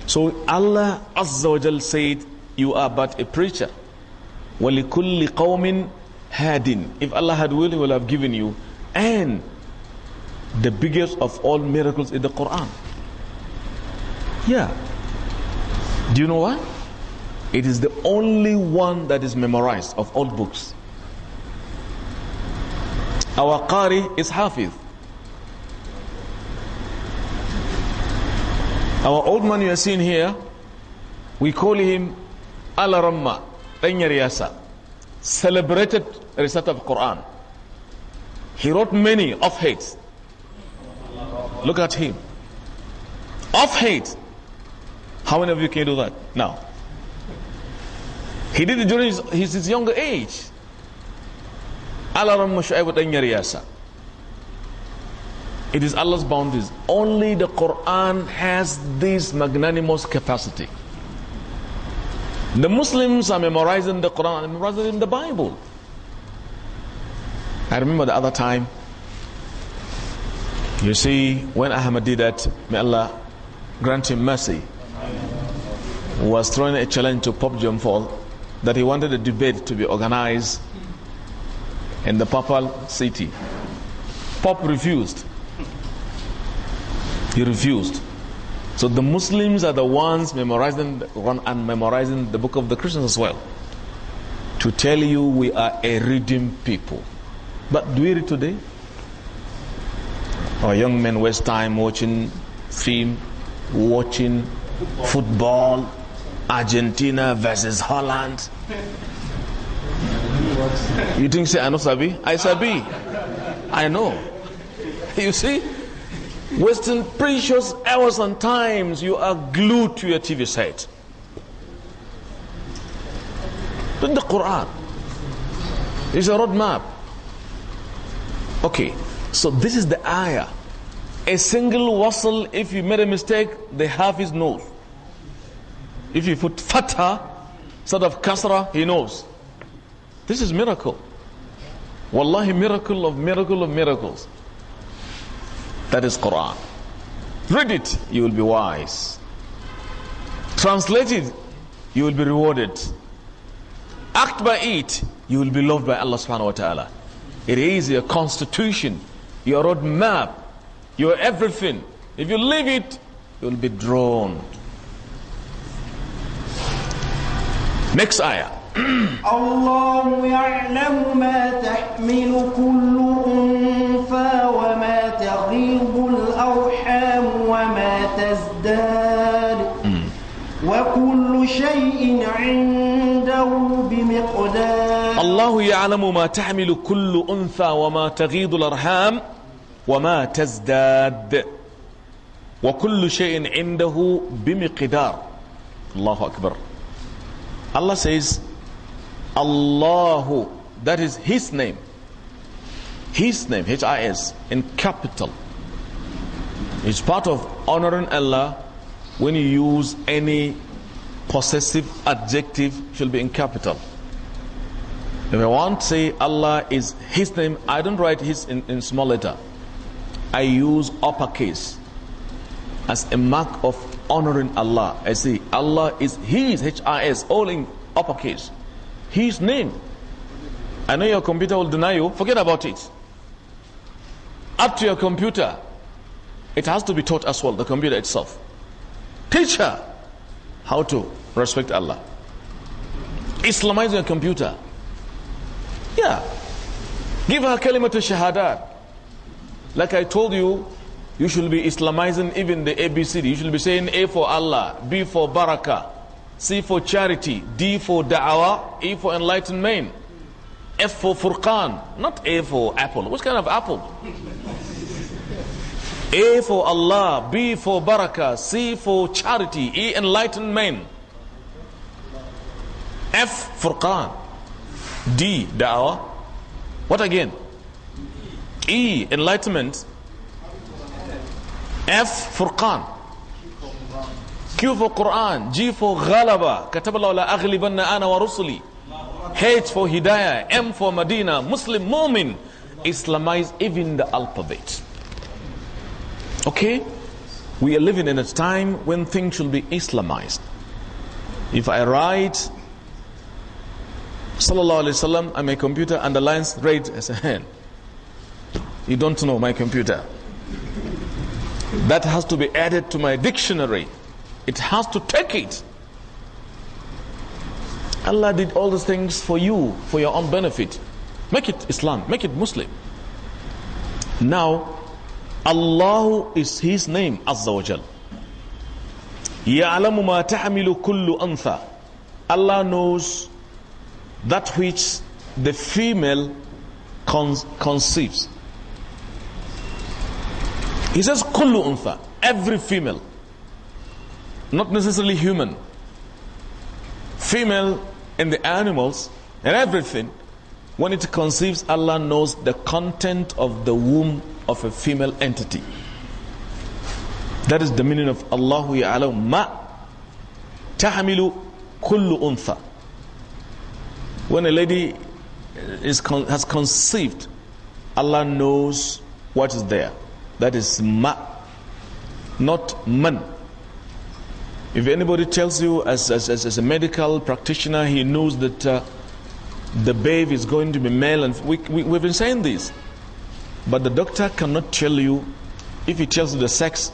So Allah Azza wa Jal said, You are but a preacher. وَلِكُلِّ قَوْمٍ هَادٍ If Allah had willed, He would have given you. And the biggest of all miracles in the Quran. Yeah. Do you know why? It is the only one that is memorized of all books. Our Qari is Hafiz. Our old man you are seeing here, we call him Alaramma, Tanyariyasa, celebrated reciter of Quran. He wrote many of hits Look at him. Of hate. How many of you can do that now? He did it during his, his, his younger age. It is Allah's boundaries. Only the Quran has this magnanimous capacity. The Muslims are memorizing the Quran rather memorizing the Bible. I remember the other time you see, when Ahmad did that, may Allah grant him mercy, was throwing a challenge to Pope John Paul that he wanted a debate to be organized in the papal city. Pope refused. He refused. So the Muslims are the ones memorizing and memorizing the book of the Christians as well. To tell you we are a reading people. But do we read today? Or young men waste time watching film, watching football, Argentina versus Holland. You think say I know Sabi? I Sabi. I know. You see? Wasting precious hours and times you are glued to your TV set. in the Quran. It's a roadmap. Okay. So this is the ayah. A single wasl, if you made a mistake, the half is nose. If you put fatha instead of kasra, he knows. This is miracle. Wallahi, miracle of miracle of miracles. That is Quran. Read it, you will be wise. Translate it, you will be rewarded. Act by it, you will be loved by Allah subhanahu wa ta'ala. It is your constitution your roadmap, your everything. If you leave it, you'll be drawn. Next ayah. الله يعلم ما تحمل كل أنثى وما تغيض الأرحام وما تزداد وكل شيء عنده بمقدار الله يعلم ما تحمل كل أنثى وما تغيض الأرحام وما تزداد وكل شيء عنده بمقدار الله أكبر Allah says Allahu that is his name his name H-I-S in capital it's part of honoring Allah when you use any possessive adjective should be in capital if I want to say Allah is his name I don't write his in, in small letter I use uppercase as a mark of honoring Allah. I say Allah is His, H-I-S, all in uppercase. His name. I know your computer will deny you. Forget about it. Up to your computer. It has to be taught as well, the computer itself. Teach her how to respect Allah. Islamize your computer. Yeah. Give her kalima to shahadat. Like I told you, you should be Islamizing even the ABCD. You should be saying A for Allah, B for Barakah, C for charity, D for Da'wah, E for enlightenment, F for Furqan, not A for apple. What kind of apple? A for Allah, B for Barakah, C for charity, E enlightenment, F Furqan, D Da'wah. What again? E, enlightenment. F, Furqan. Q for Quran. G for Ghalaba. Kataballahu la aghlibanna ana wa rusuli. H for Hidayah. M for Medina. Muslim, Mumin. Islamize even the alphabet. Okay? We are living in a time when things should be Islamized. If I write Sallallahu Alaihi Wasallam on my computer underlines red as a hand. You don't know my computer. That has to be added to my dictionary. It has to take it. Allah did all these things for you, for your own benefit. Make it Islam, make it Muslim. Now, Allah is His name, Azza wa Jal. يَعْلَمُ مَا تَحْمِلُ كُلُّ أَنْثَى Allah knows that which the female con conceives. He says, Kullu untha, every female, not necessarily human, female in the animals and everything, when it conceives, Allah knows the content of the womb of a female entity. That is the meaning of Allahu Ya'alaw ma tahamilu kullu untha. When a lady is con has conceived, Allah knows what is there. That is ma, not man. If anybody tells you, as, as, as a medical practitioner, he knows that uh, the babe is going to be male, and we, we, we've been saying this. But the doctor cannot tell you, if he tells you the sex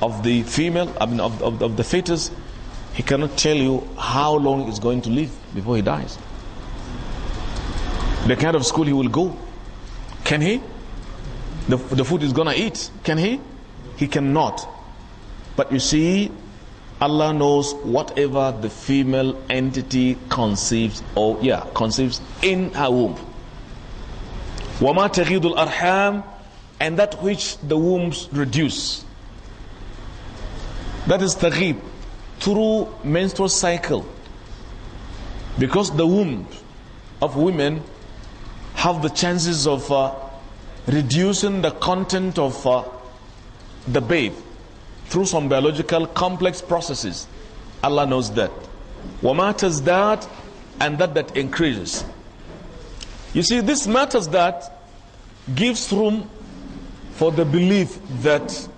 of the female, I mean, of, of, of the fetus, he cannot tell you how long he's going to live before he dies. The kind of school he will go. Can he? the, the food is going to eat. Can he? He cannot. But you see, Allah knows whatever the female entity conceives or yeah, conceives in her womb. وَمَا تَغِيدُ arham, And that which the wombs reduce. That is taghib, through menstrual cycle. Because the womb of women have the chances of uh, reducing the content of uh, the babe through some biological complex processes. Allah knows that. What matters that and that that increases. You see, this matters that gives room for the belief that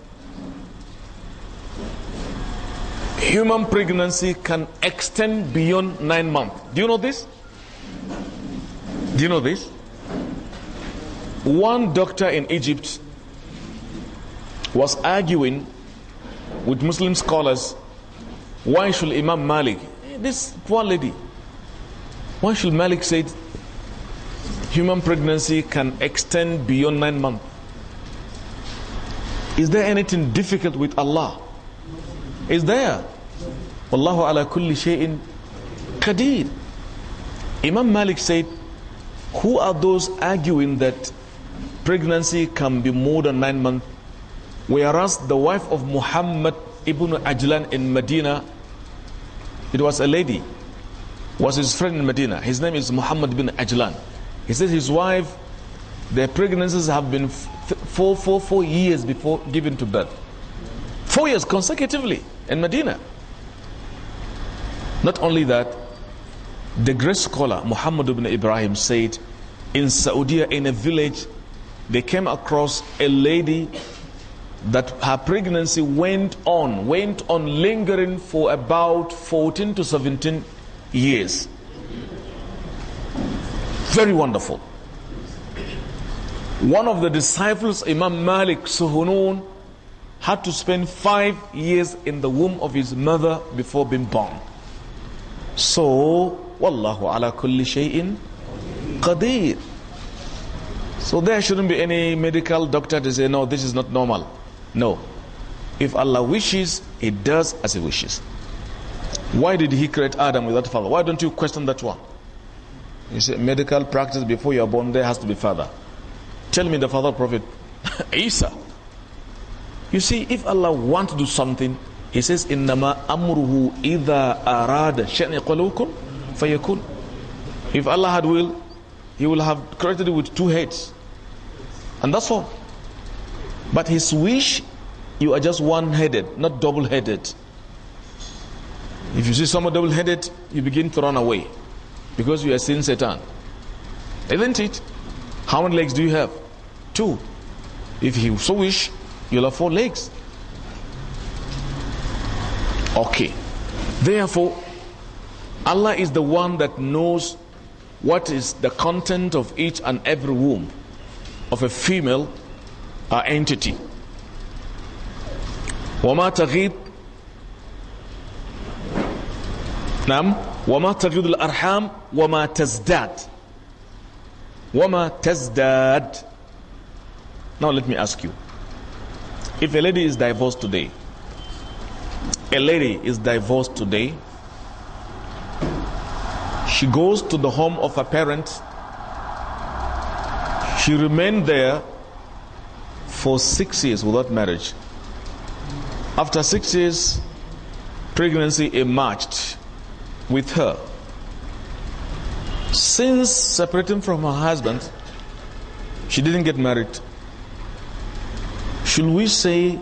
human pregnancy can extend beyond nine months. Do you know this? Do you know this? One doctor in Egypt was arguing with Muslim scholars why should Imam Malik, eh, this poor lady, why should Malik say human pregnancy can extend beyond nine months? Is there anything difficult with Allah? Is there? Wallahu ala kulli shay'in qadir. Imam Malik said, who are those arguing that pregnancy can be more than nine months. Whereas the wife of Muhammad ibn Ajlan in Medina, it was a lady, was his friend in Medina. His name is Muhammad bin Ajlan. He says his wife, their pregnancies have been four, four, four years before giving to birth. Four years consecutively in Medina. Not only that, the great scholar Muhammad ibn Ibrahim said, in Saudi, in a village, they came across a lady that her pregnancy went on, went on lingering for about 14 to 17 years. Very wonderful. One of the disciples, Imam Malik Suhunun, had to spend five years in the womb of his mother before being born. So, Wallahu ala kulli shay'in qadir. So there shouldn't be any medical doctor to say, no, this is not normal. No. If Allah wishes, He does as He wishes. Why did He create Adam without father? Why don't you question that one? You say, medical practice before you are born, there has to be father. Tell me the father prophet, Isa. You see, if Allah wants to do something, He says, إِنَّمَا أَمْرُهُ إِذَا أَرَادَ شَأْنِ قَلُوكُمْ فَيَكُونَ If Allah had will, he will have created with two heads. And that's all. But his wish, you are just one headed, not double headed. If you see someone double headed, you begin to run away because you are seeing Satan. Isn't it? How many legs do you have? Two. If you so wish, you'll have four legs. Okay. Therefore, Allah is the one that knows what is the content of each and every womb of a female uh, entity. وما تغيب نعم وما تغيب الأرحام وما تزداد وما تزداد Now let me ask you if a lady is divorced today a lady is divorced today she goes to the home of her parents. She remained there for six years without marriage. After six years, pregnancy emerged with her. Since separating from her husband, she didn't get married. Should we say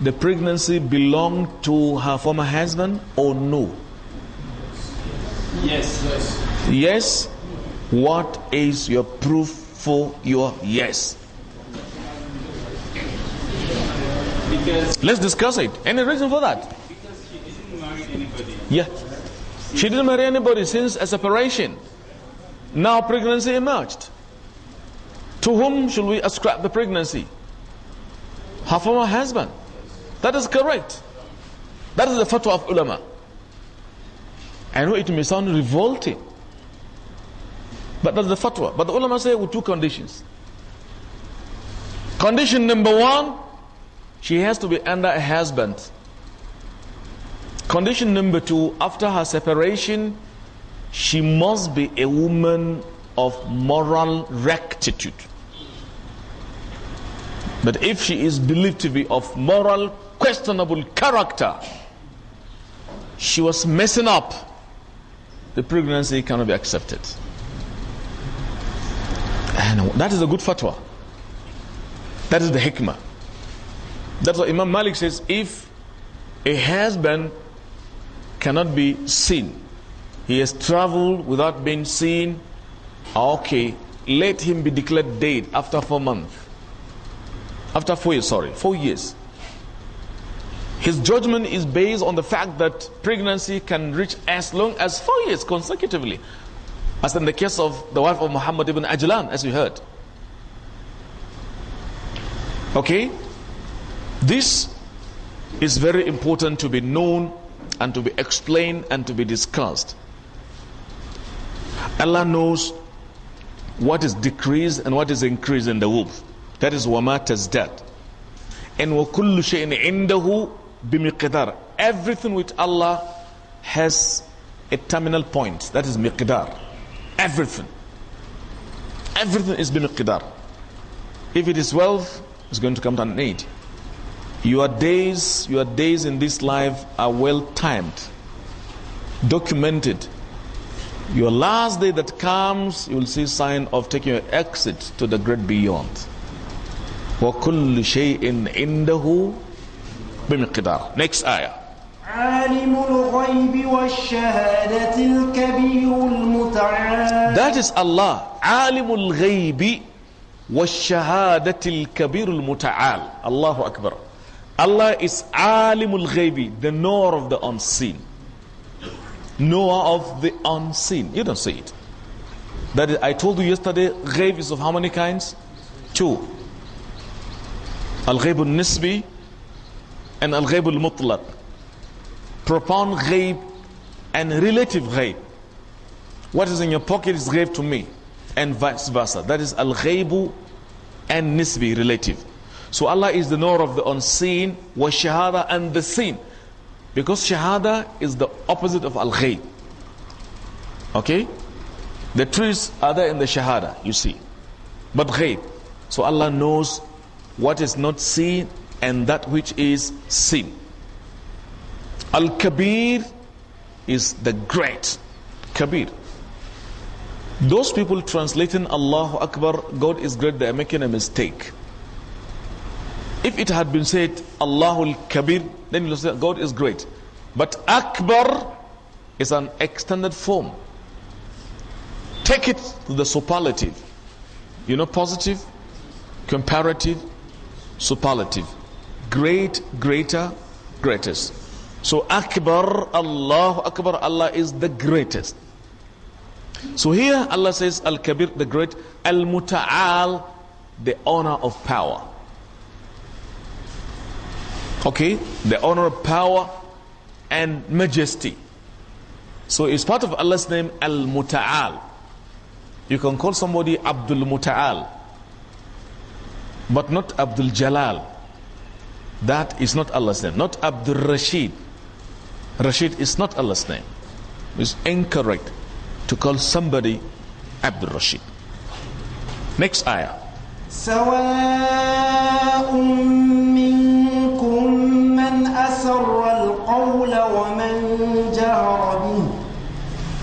the pregnancy belonged to her former husband or no? Yes. Yes. Yes. What is your proof for your yes? Because Let's discuss it. Any reason for that? Because she didn't marry anybody. Yeah. She didn't marry anybody since a separation. Now pregnancy emerged. To whom should we ascribe the pregnancy? Her former husband. That is correct. That is the fatwa of ulama. I know it may sound revolting, but that's the fatwa. But the ulama say with two conditions. Condition number one, she has to be under a husband. Condition number two, after her separation, she must be a woman of moral rectitude. But if she is believed to be of moral, questionable character, she was messing up the pregnancy cannot be accepted. And that is a good fatwa. That is the hikmah. That's what Imam Malik says if a husband cannot be seen, he has traveled without being seen, ah, okay, let him be declared dead after four months. After four years, sorry, four years. His judgment is based on the fact that pregnancy can reach as long as four years consecutively, as in the case of the wife of Muhammad ibn Ajlan, as we heard. Okay? This is very important to be known and to be explained and to be discussed. Allah knows what is decreased and what is increased in the womb. That is wama tazdat. And wa kullu shay'in indahu بمقدار everything which Allah has a terminal point that is miqdar everything everything is bimiqdar if it is wealth it's going to come to an end your days your days in this life are well timed documented your last day that comes you will see sign of taking your exit to the great beyond وَكُلُّ شَيْءٍ عِنْدَهُ بمقدار نيكس آية عالم الغيب والشهادة الكبير المتعال that is Allah عالم الغيب والشهادة الكبير المتعال الله أكبر Allah is عالم الغيب the knower of the unseen knower of the unseen you don't see it that is, I told you yesterday غيب is of how many kinds two الغيب النسبي and al ghayb al-Mutlaq. profound ghayb, and relative ghayb. What is in your pocket is ghayb to me and vice versa. That is al-ghayb, and Nisbi, relative. So Allah is the knower of the unseen, wa shahada and the seen. Because shahada is the opposite of al ghayb Okay? The truths are there in the shahada, you see. But ghayb. So Allah knows what is not seen and that which is sin. Al Kabir is the great. Kabir. Those people translating Allahu Akbar, God is great, they are making a mistake. If it had been said Allahu Kabir, then you will say God is great. But Akbar is an extended form. Take it to the superlative. You know, positive, comparative, superlative great, greater, greatest. So Akbar, Allah, Akbar, Allah is the greatest. So here Allah says Al Kabir, the great, Al Muta'al, the honor of power. Okay, the honor of power and majesty. So it's part of Allah's name, Al Muta'al. You can call somebody Abdul Muta'al, but not Abdul Jalal. That is not Allah's name. Not Abdul Rashid. Rashid is not Allah's name. It's incorrect to call somebody Abdul Rashid. Next ayah.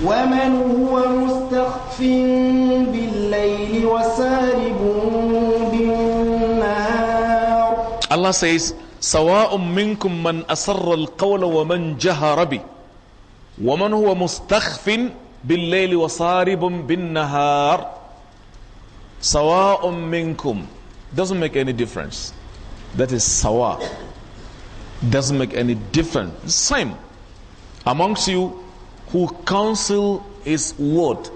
ومن هو مستخف بالليل وسارب بالنهار Allah says سواء منكم من أسر القول ومن جهر به ومن هو مستخف بالليل وصارب بالنهار سواء منكم doesn't make any difference that is sawa doesn't make any difference same amongst you who counsel is word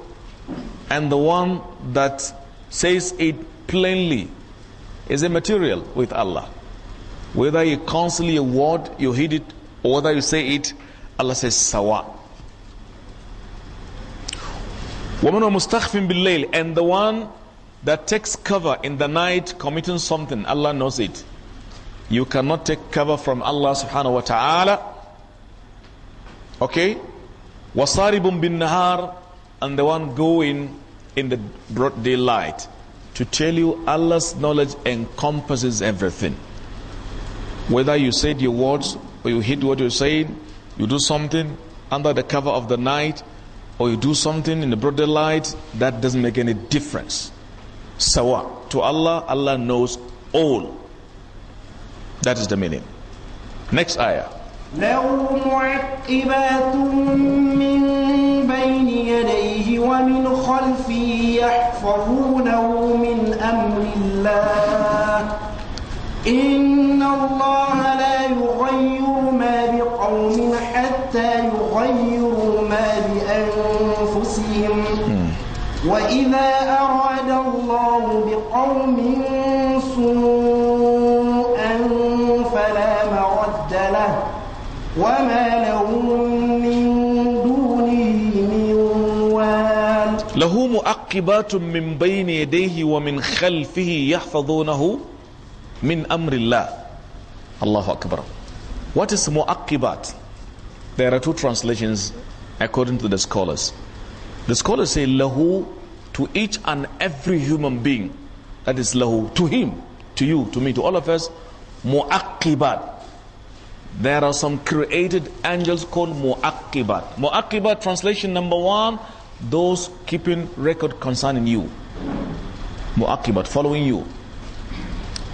and the one that says it plainly is immaterial with Allah whether you counsel a word, you heed it, or whether you say it, Allah says, Sawa. Woman of Mustakhfin Billayl, and the one that takes cover in the night committing something, Allah knows it. You cannot take cover from Allah subhanahu wa ta'ala. Okay? Wasaribun bin Nahar, and the one going in the broad daylight. To tell you, Allah's knowledge encompasses everything. Whether you said your words or you hid what you are saying, you do something under the cover of the night, or you do something in the broad daylight, that doesn't make any difference. Sawa. To Allah, Allah knows all. That is the meaning. Next ayah. له معقبات من بين يديه ومن خلفه يحفظونه من أمر الله إن الله لا يغير ما بقوم حتى يغيروا ما بأنفسهم hmm. وإذا أراد الله بقوم سوءا فلا مرد له وما لهم له مؤقبات من بين يديه ومن خلفه يحفظونه min amrillah. Allahu Akbar. What is mu'aqibat? There are two translations according to the scholars. The scholars say lahu to each and every human being. That is lahu to him, to you, to me, to all of us. Mu'aqibat. There are some created angels called mu'aqibat. Mu'aqibat translation number one, those keeping record concerning you. Mu'aqibat, following you.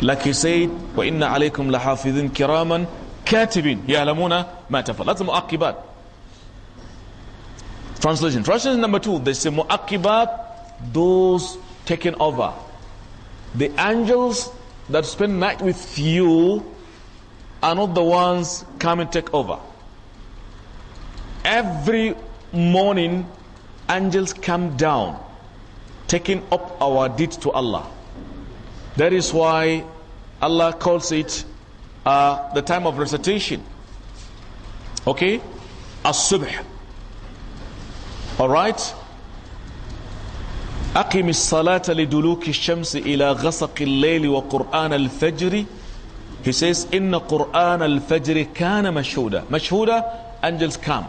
Like he said, وَإِنَّ عَلَيْكُمْ لَحَافِظِينَ كِرَامًا كَاتِبِينَ يَعْلَمُونَ مَا تَفَعَلُونَ That's mu'aqibat. Translation. Translation number two, they say mu'aqibat, those taken over. The angels that spend night with you are not the ones come and take over. Every morning, angels come down, taking up our deeds to Allah. That is why Allah calls it uh, the time of recitation. Okay? As-subh. Alright? أقم الصلاة لدلوك الشمس إلى غسق الليل وقرآن الفجر He says إن قرآن الفجر كان مشهودا مشهودا angels come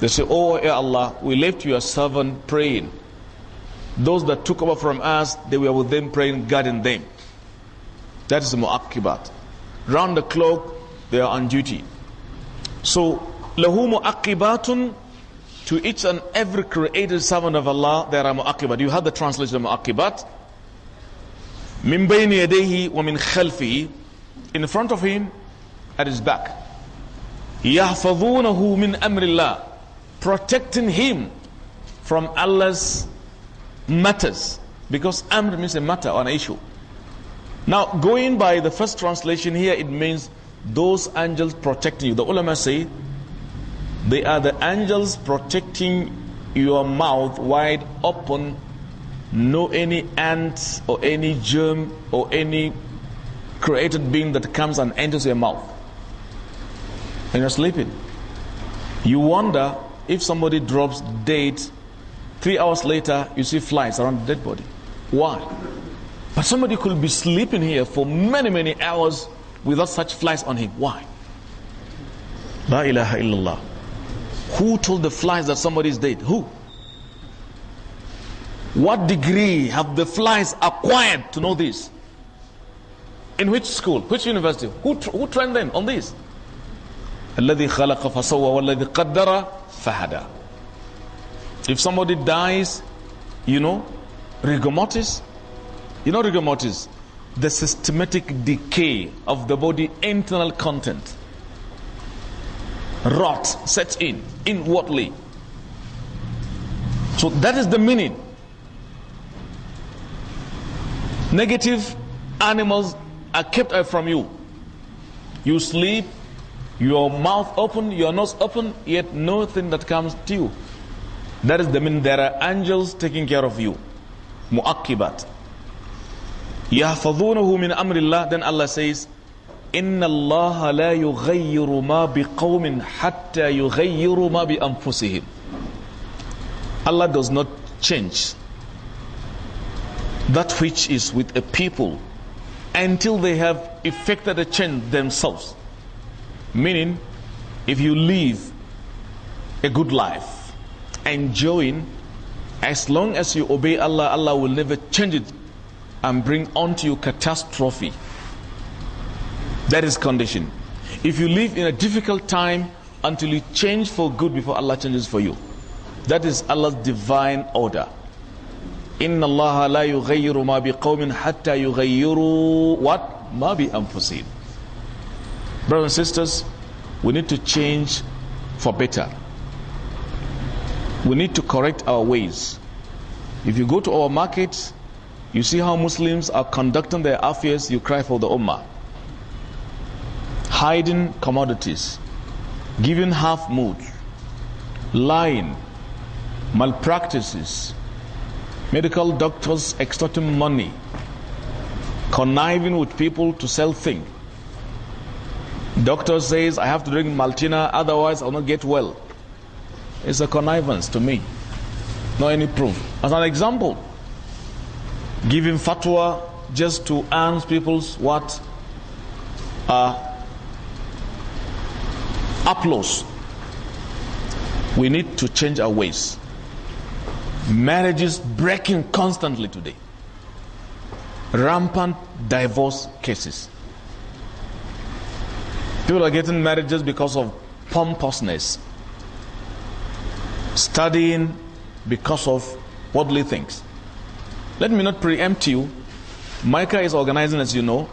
They say, Oh, Allah, we left your servant praying those that took over from us, they were with them praying, guarding them. That is the mu'akibat. Round the clock, they are on duty. So, lahu akibatun to each and every created servant of Allah, there are mu'akibat. You have the translation of mu'akibat. Min bayni yadehi wa min khalfihi. In front of him, at his back. يَحْفَظُونَهُ min أَمْرِ اللَّهِ Protecting him from Allah's matters because amr means a matter or an issue. Now, going by the first translation here, it means those angels protecting you. The ulama say they are the angels protecting your mouth wide open, no any ant or any germ or any created being that comes and enters your mouth. And you're sleeping. You wonder if somebody drops date Three hours later, you see flies around the dead body. Why? But somebody could be sleeping here for many, many hours without such flies on him. Why? La ilaha illallah. Who told the flies that somebody is dead? Who? What degree have the flies acquired to know this? In which school? Which university? Who, who trained them on this? الذي خلق فسوى والذي قدر فهدى if somebody dies, you know, rigor mortis, you know, rigor mortis, the systematic decay of the body internal content rot sets in inwardly so that is the meaning negative animals are kept away from you you sleep your mouth open your nose open yet nothing that comes to you that is the mean there are angels taking care of you. Mu'akibat. يَحْفَظُونَهُ min أَمْرِ اللَّهِ Then Allah says, la اللَّهَ ma bi qawmin hatta حَتَّى ma bi anfusihim." Allah does not change that which is with a people until they have effected a change themselves. Meaning, if you live a good life, enjoying, as long as you obey Allah, Allah will never change it and bring onto you catastrophe. That is condition. If you live in a difficult time until you change for good before Allah changes for you. That is Allah's divine order. Inna Allah la يغير ma بقوم hatta يغيروا what? ما بأنفسهم. Brothers and sisters, we need to change for better we need to correct our ways. If you go to our markets, you see how Muslims are conducting their affairs, you cry for the Ummah. Hiding commodities, giving half mood, lying, malpractices, medical doctors extorting money, conniving with people to sell things. Doctor says, I have to drink Maltina, otherwise I'll not get well. It's a connivance to me, not any proof. As an example, giving fatwa just to earn people's what? Uh, applause. We need to change our ways. Marriages breaking constantly today. Rampant divorce cases. People are getting married just because of pompousness studying because of worldly things. Let me not preempt you. Micah is organizing, as you know,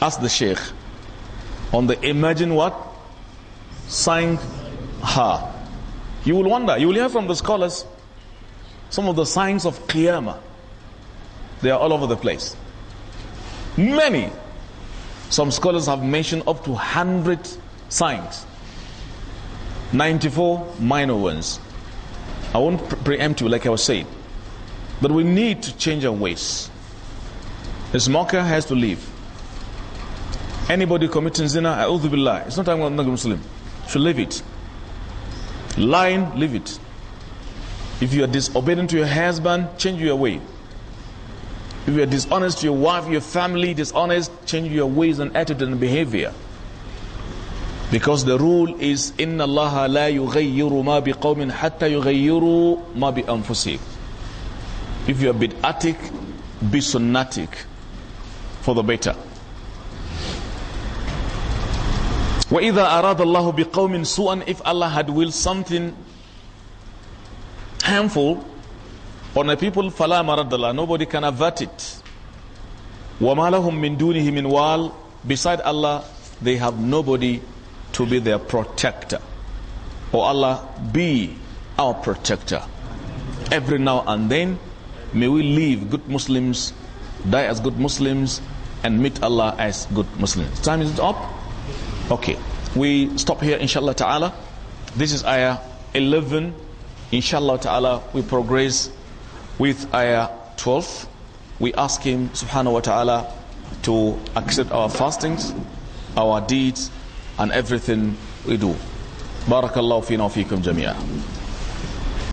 as the Sheikh on the Imagine What? sign? Ha. You will wonder, you will hear from the scholars some of the signs of Qiyamah. They are all over the place. Many. Some scholars have mentioned up to 100 signs, 94 minor ones. I won't preempt you, like I was saying. But we need to change our ways. A smoker has to leave. Anybody committing zina, I be lie, it's not I'm not a Muslim. Should leave it. Lying, leave it. If you are disobedient to your husband, change your way. If you are dishonest to your wife, your family, dishonest, change your ways and attitude and behavior. Because the rule is إن الله لا يغير ما بقوم حتى يغير ما بأنفسه. If you are bid'atic, be sunnatic for the better. وإذا أراد الله بقوم سوءا if Allah had willed something harmful on a people فلا مرد الله nobody can avert it وما لهم من دونه من وال beside Allah they have nobody to be their protector. O oh Allah, be our protector. Every now and then, may we live good Muslims, die as good Muslims, and meet Allah as good Muslims. Time is up? Okay. We stop here, inshallah ta'ala. This is ayah 11. Inshallah ta'ala, we progress with ayah 12. We ask Him, subhanahu wa ta'ala, to accept our fastings, our deeds, and everything we do. بارك الله فينا وفيكم جميعا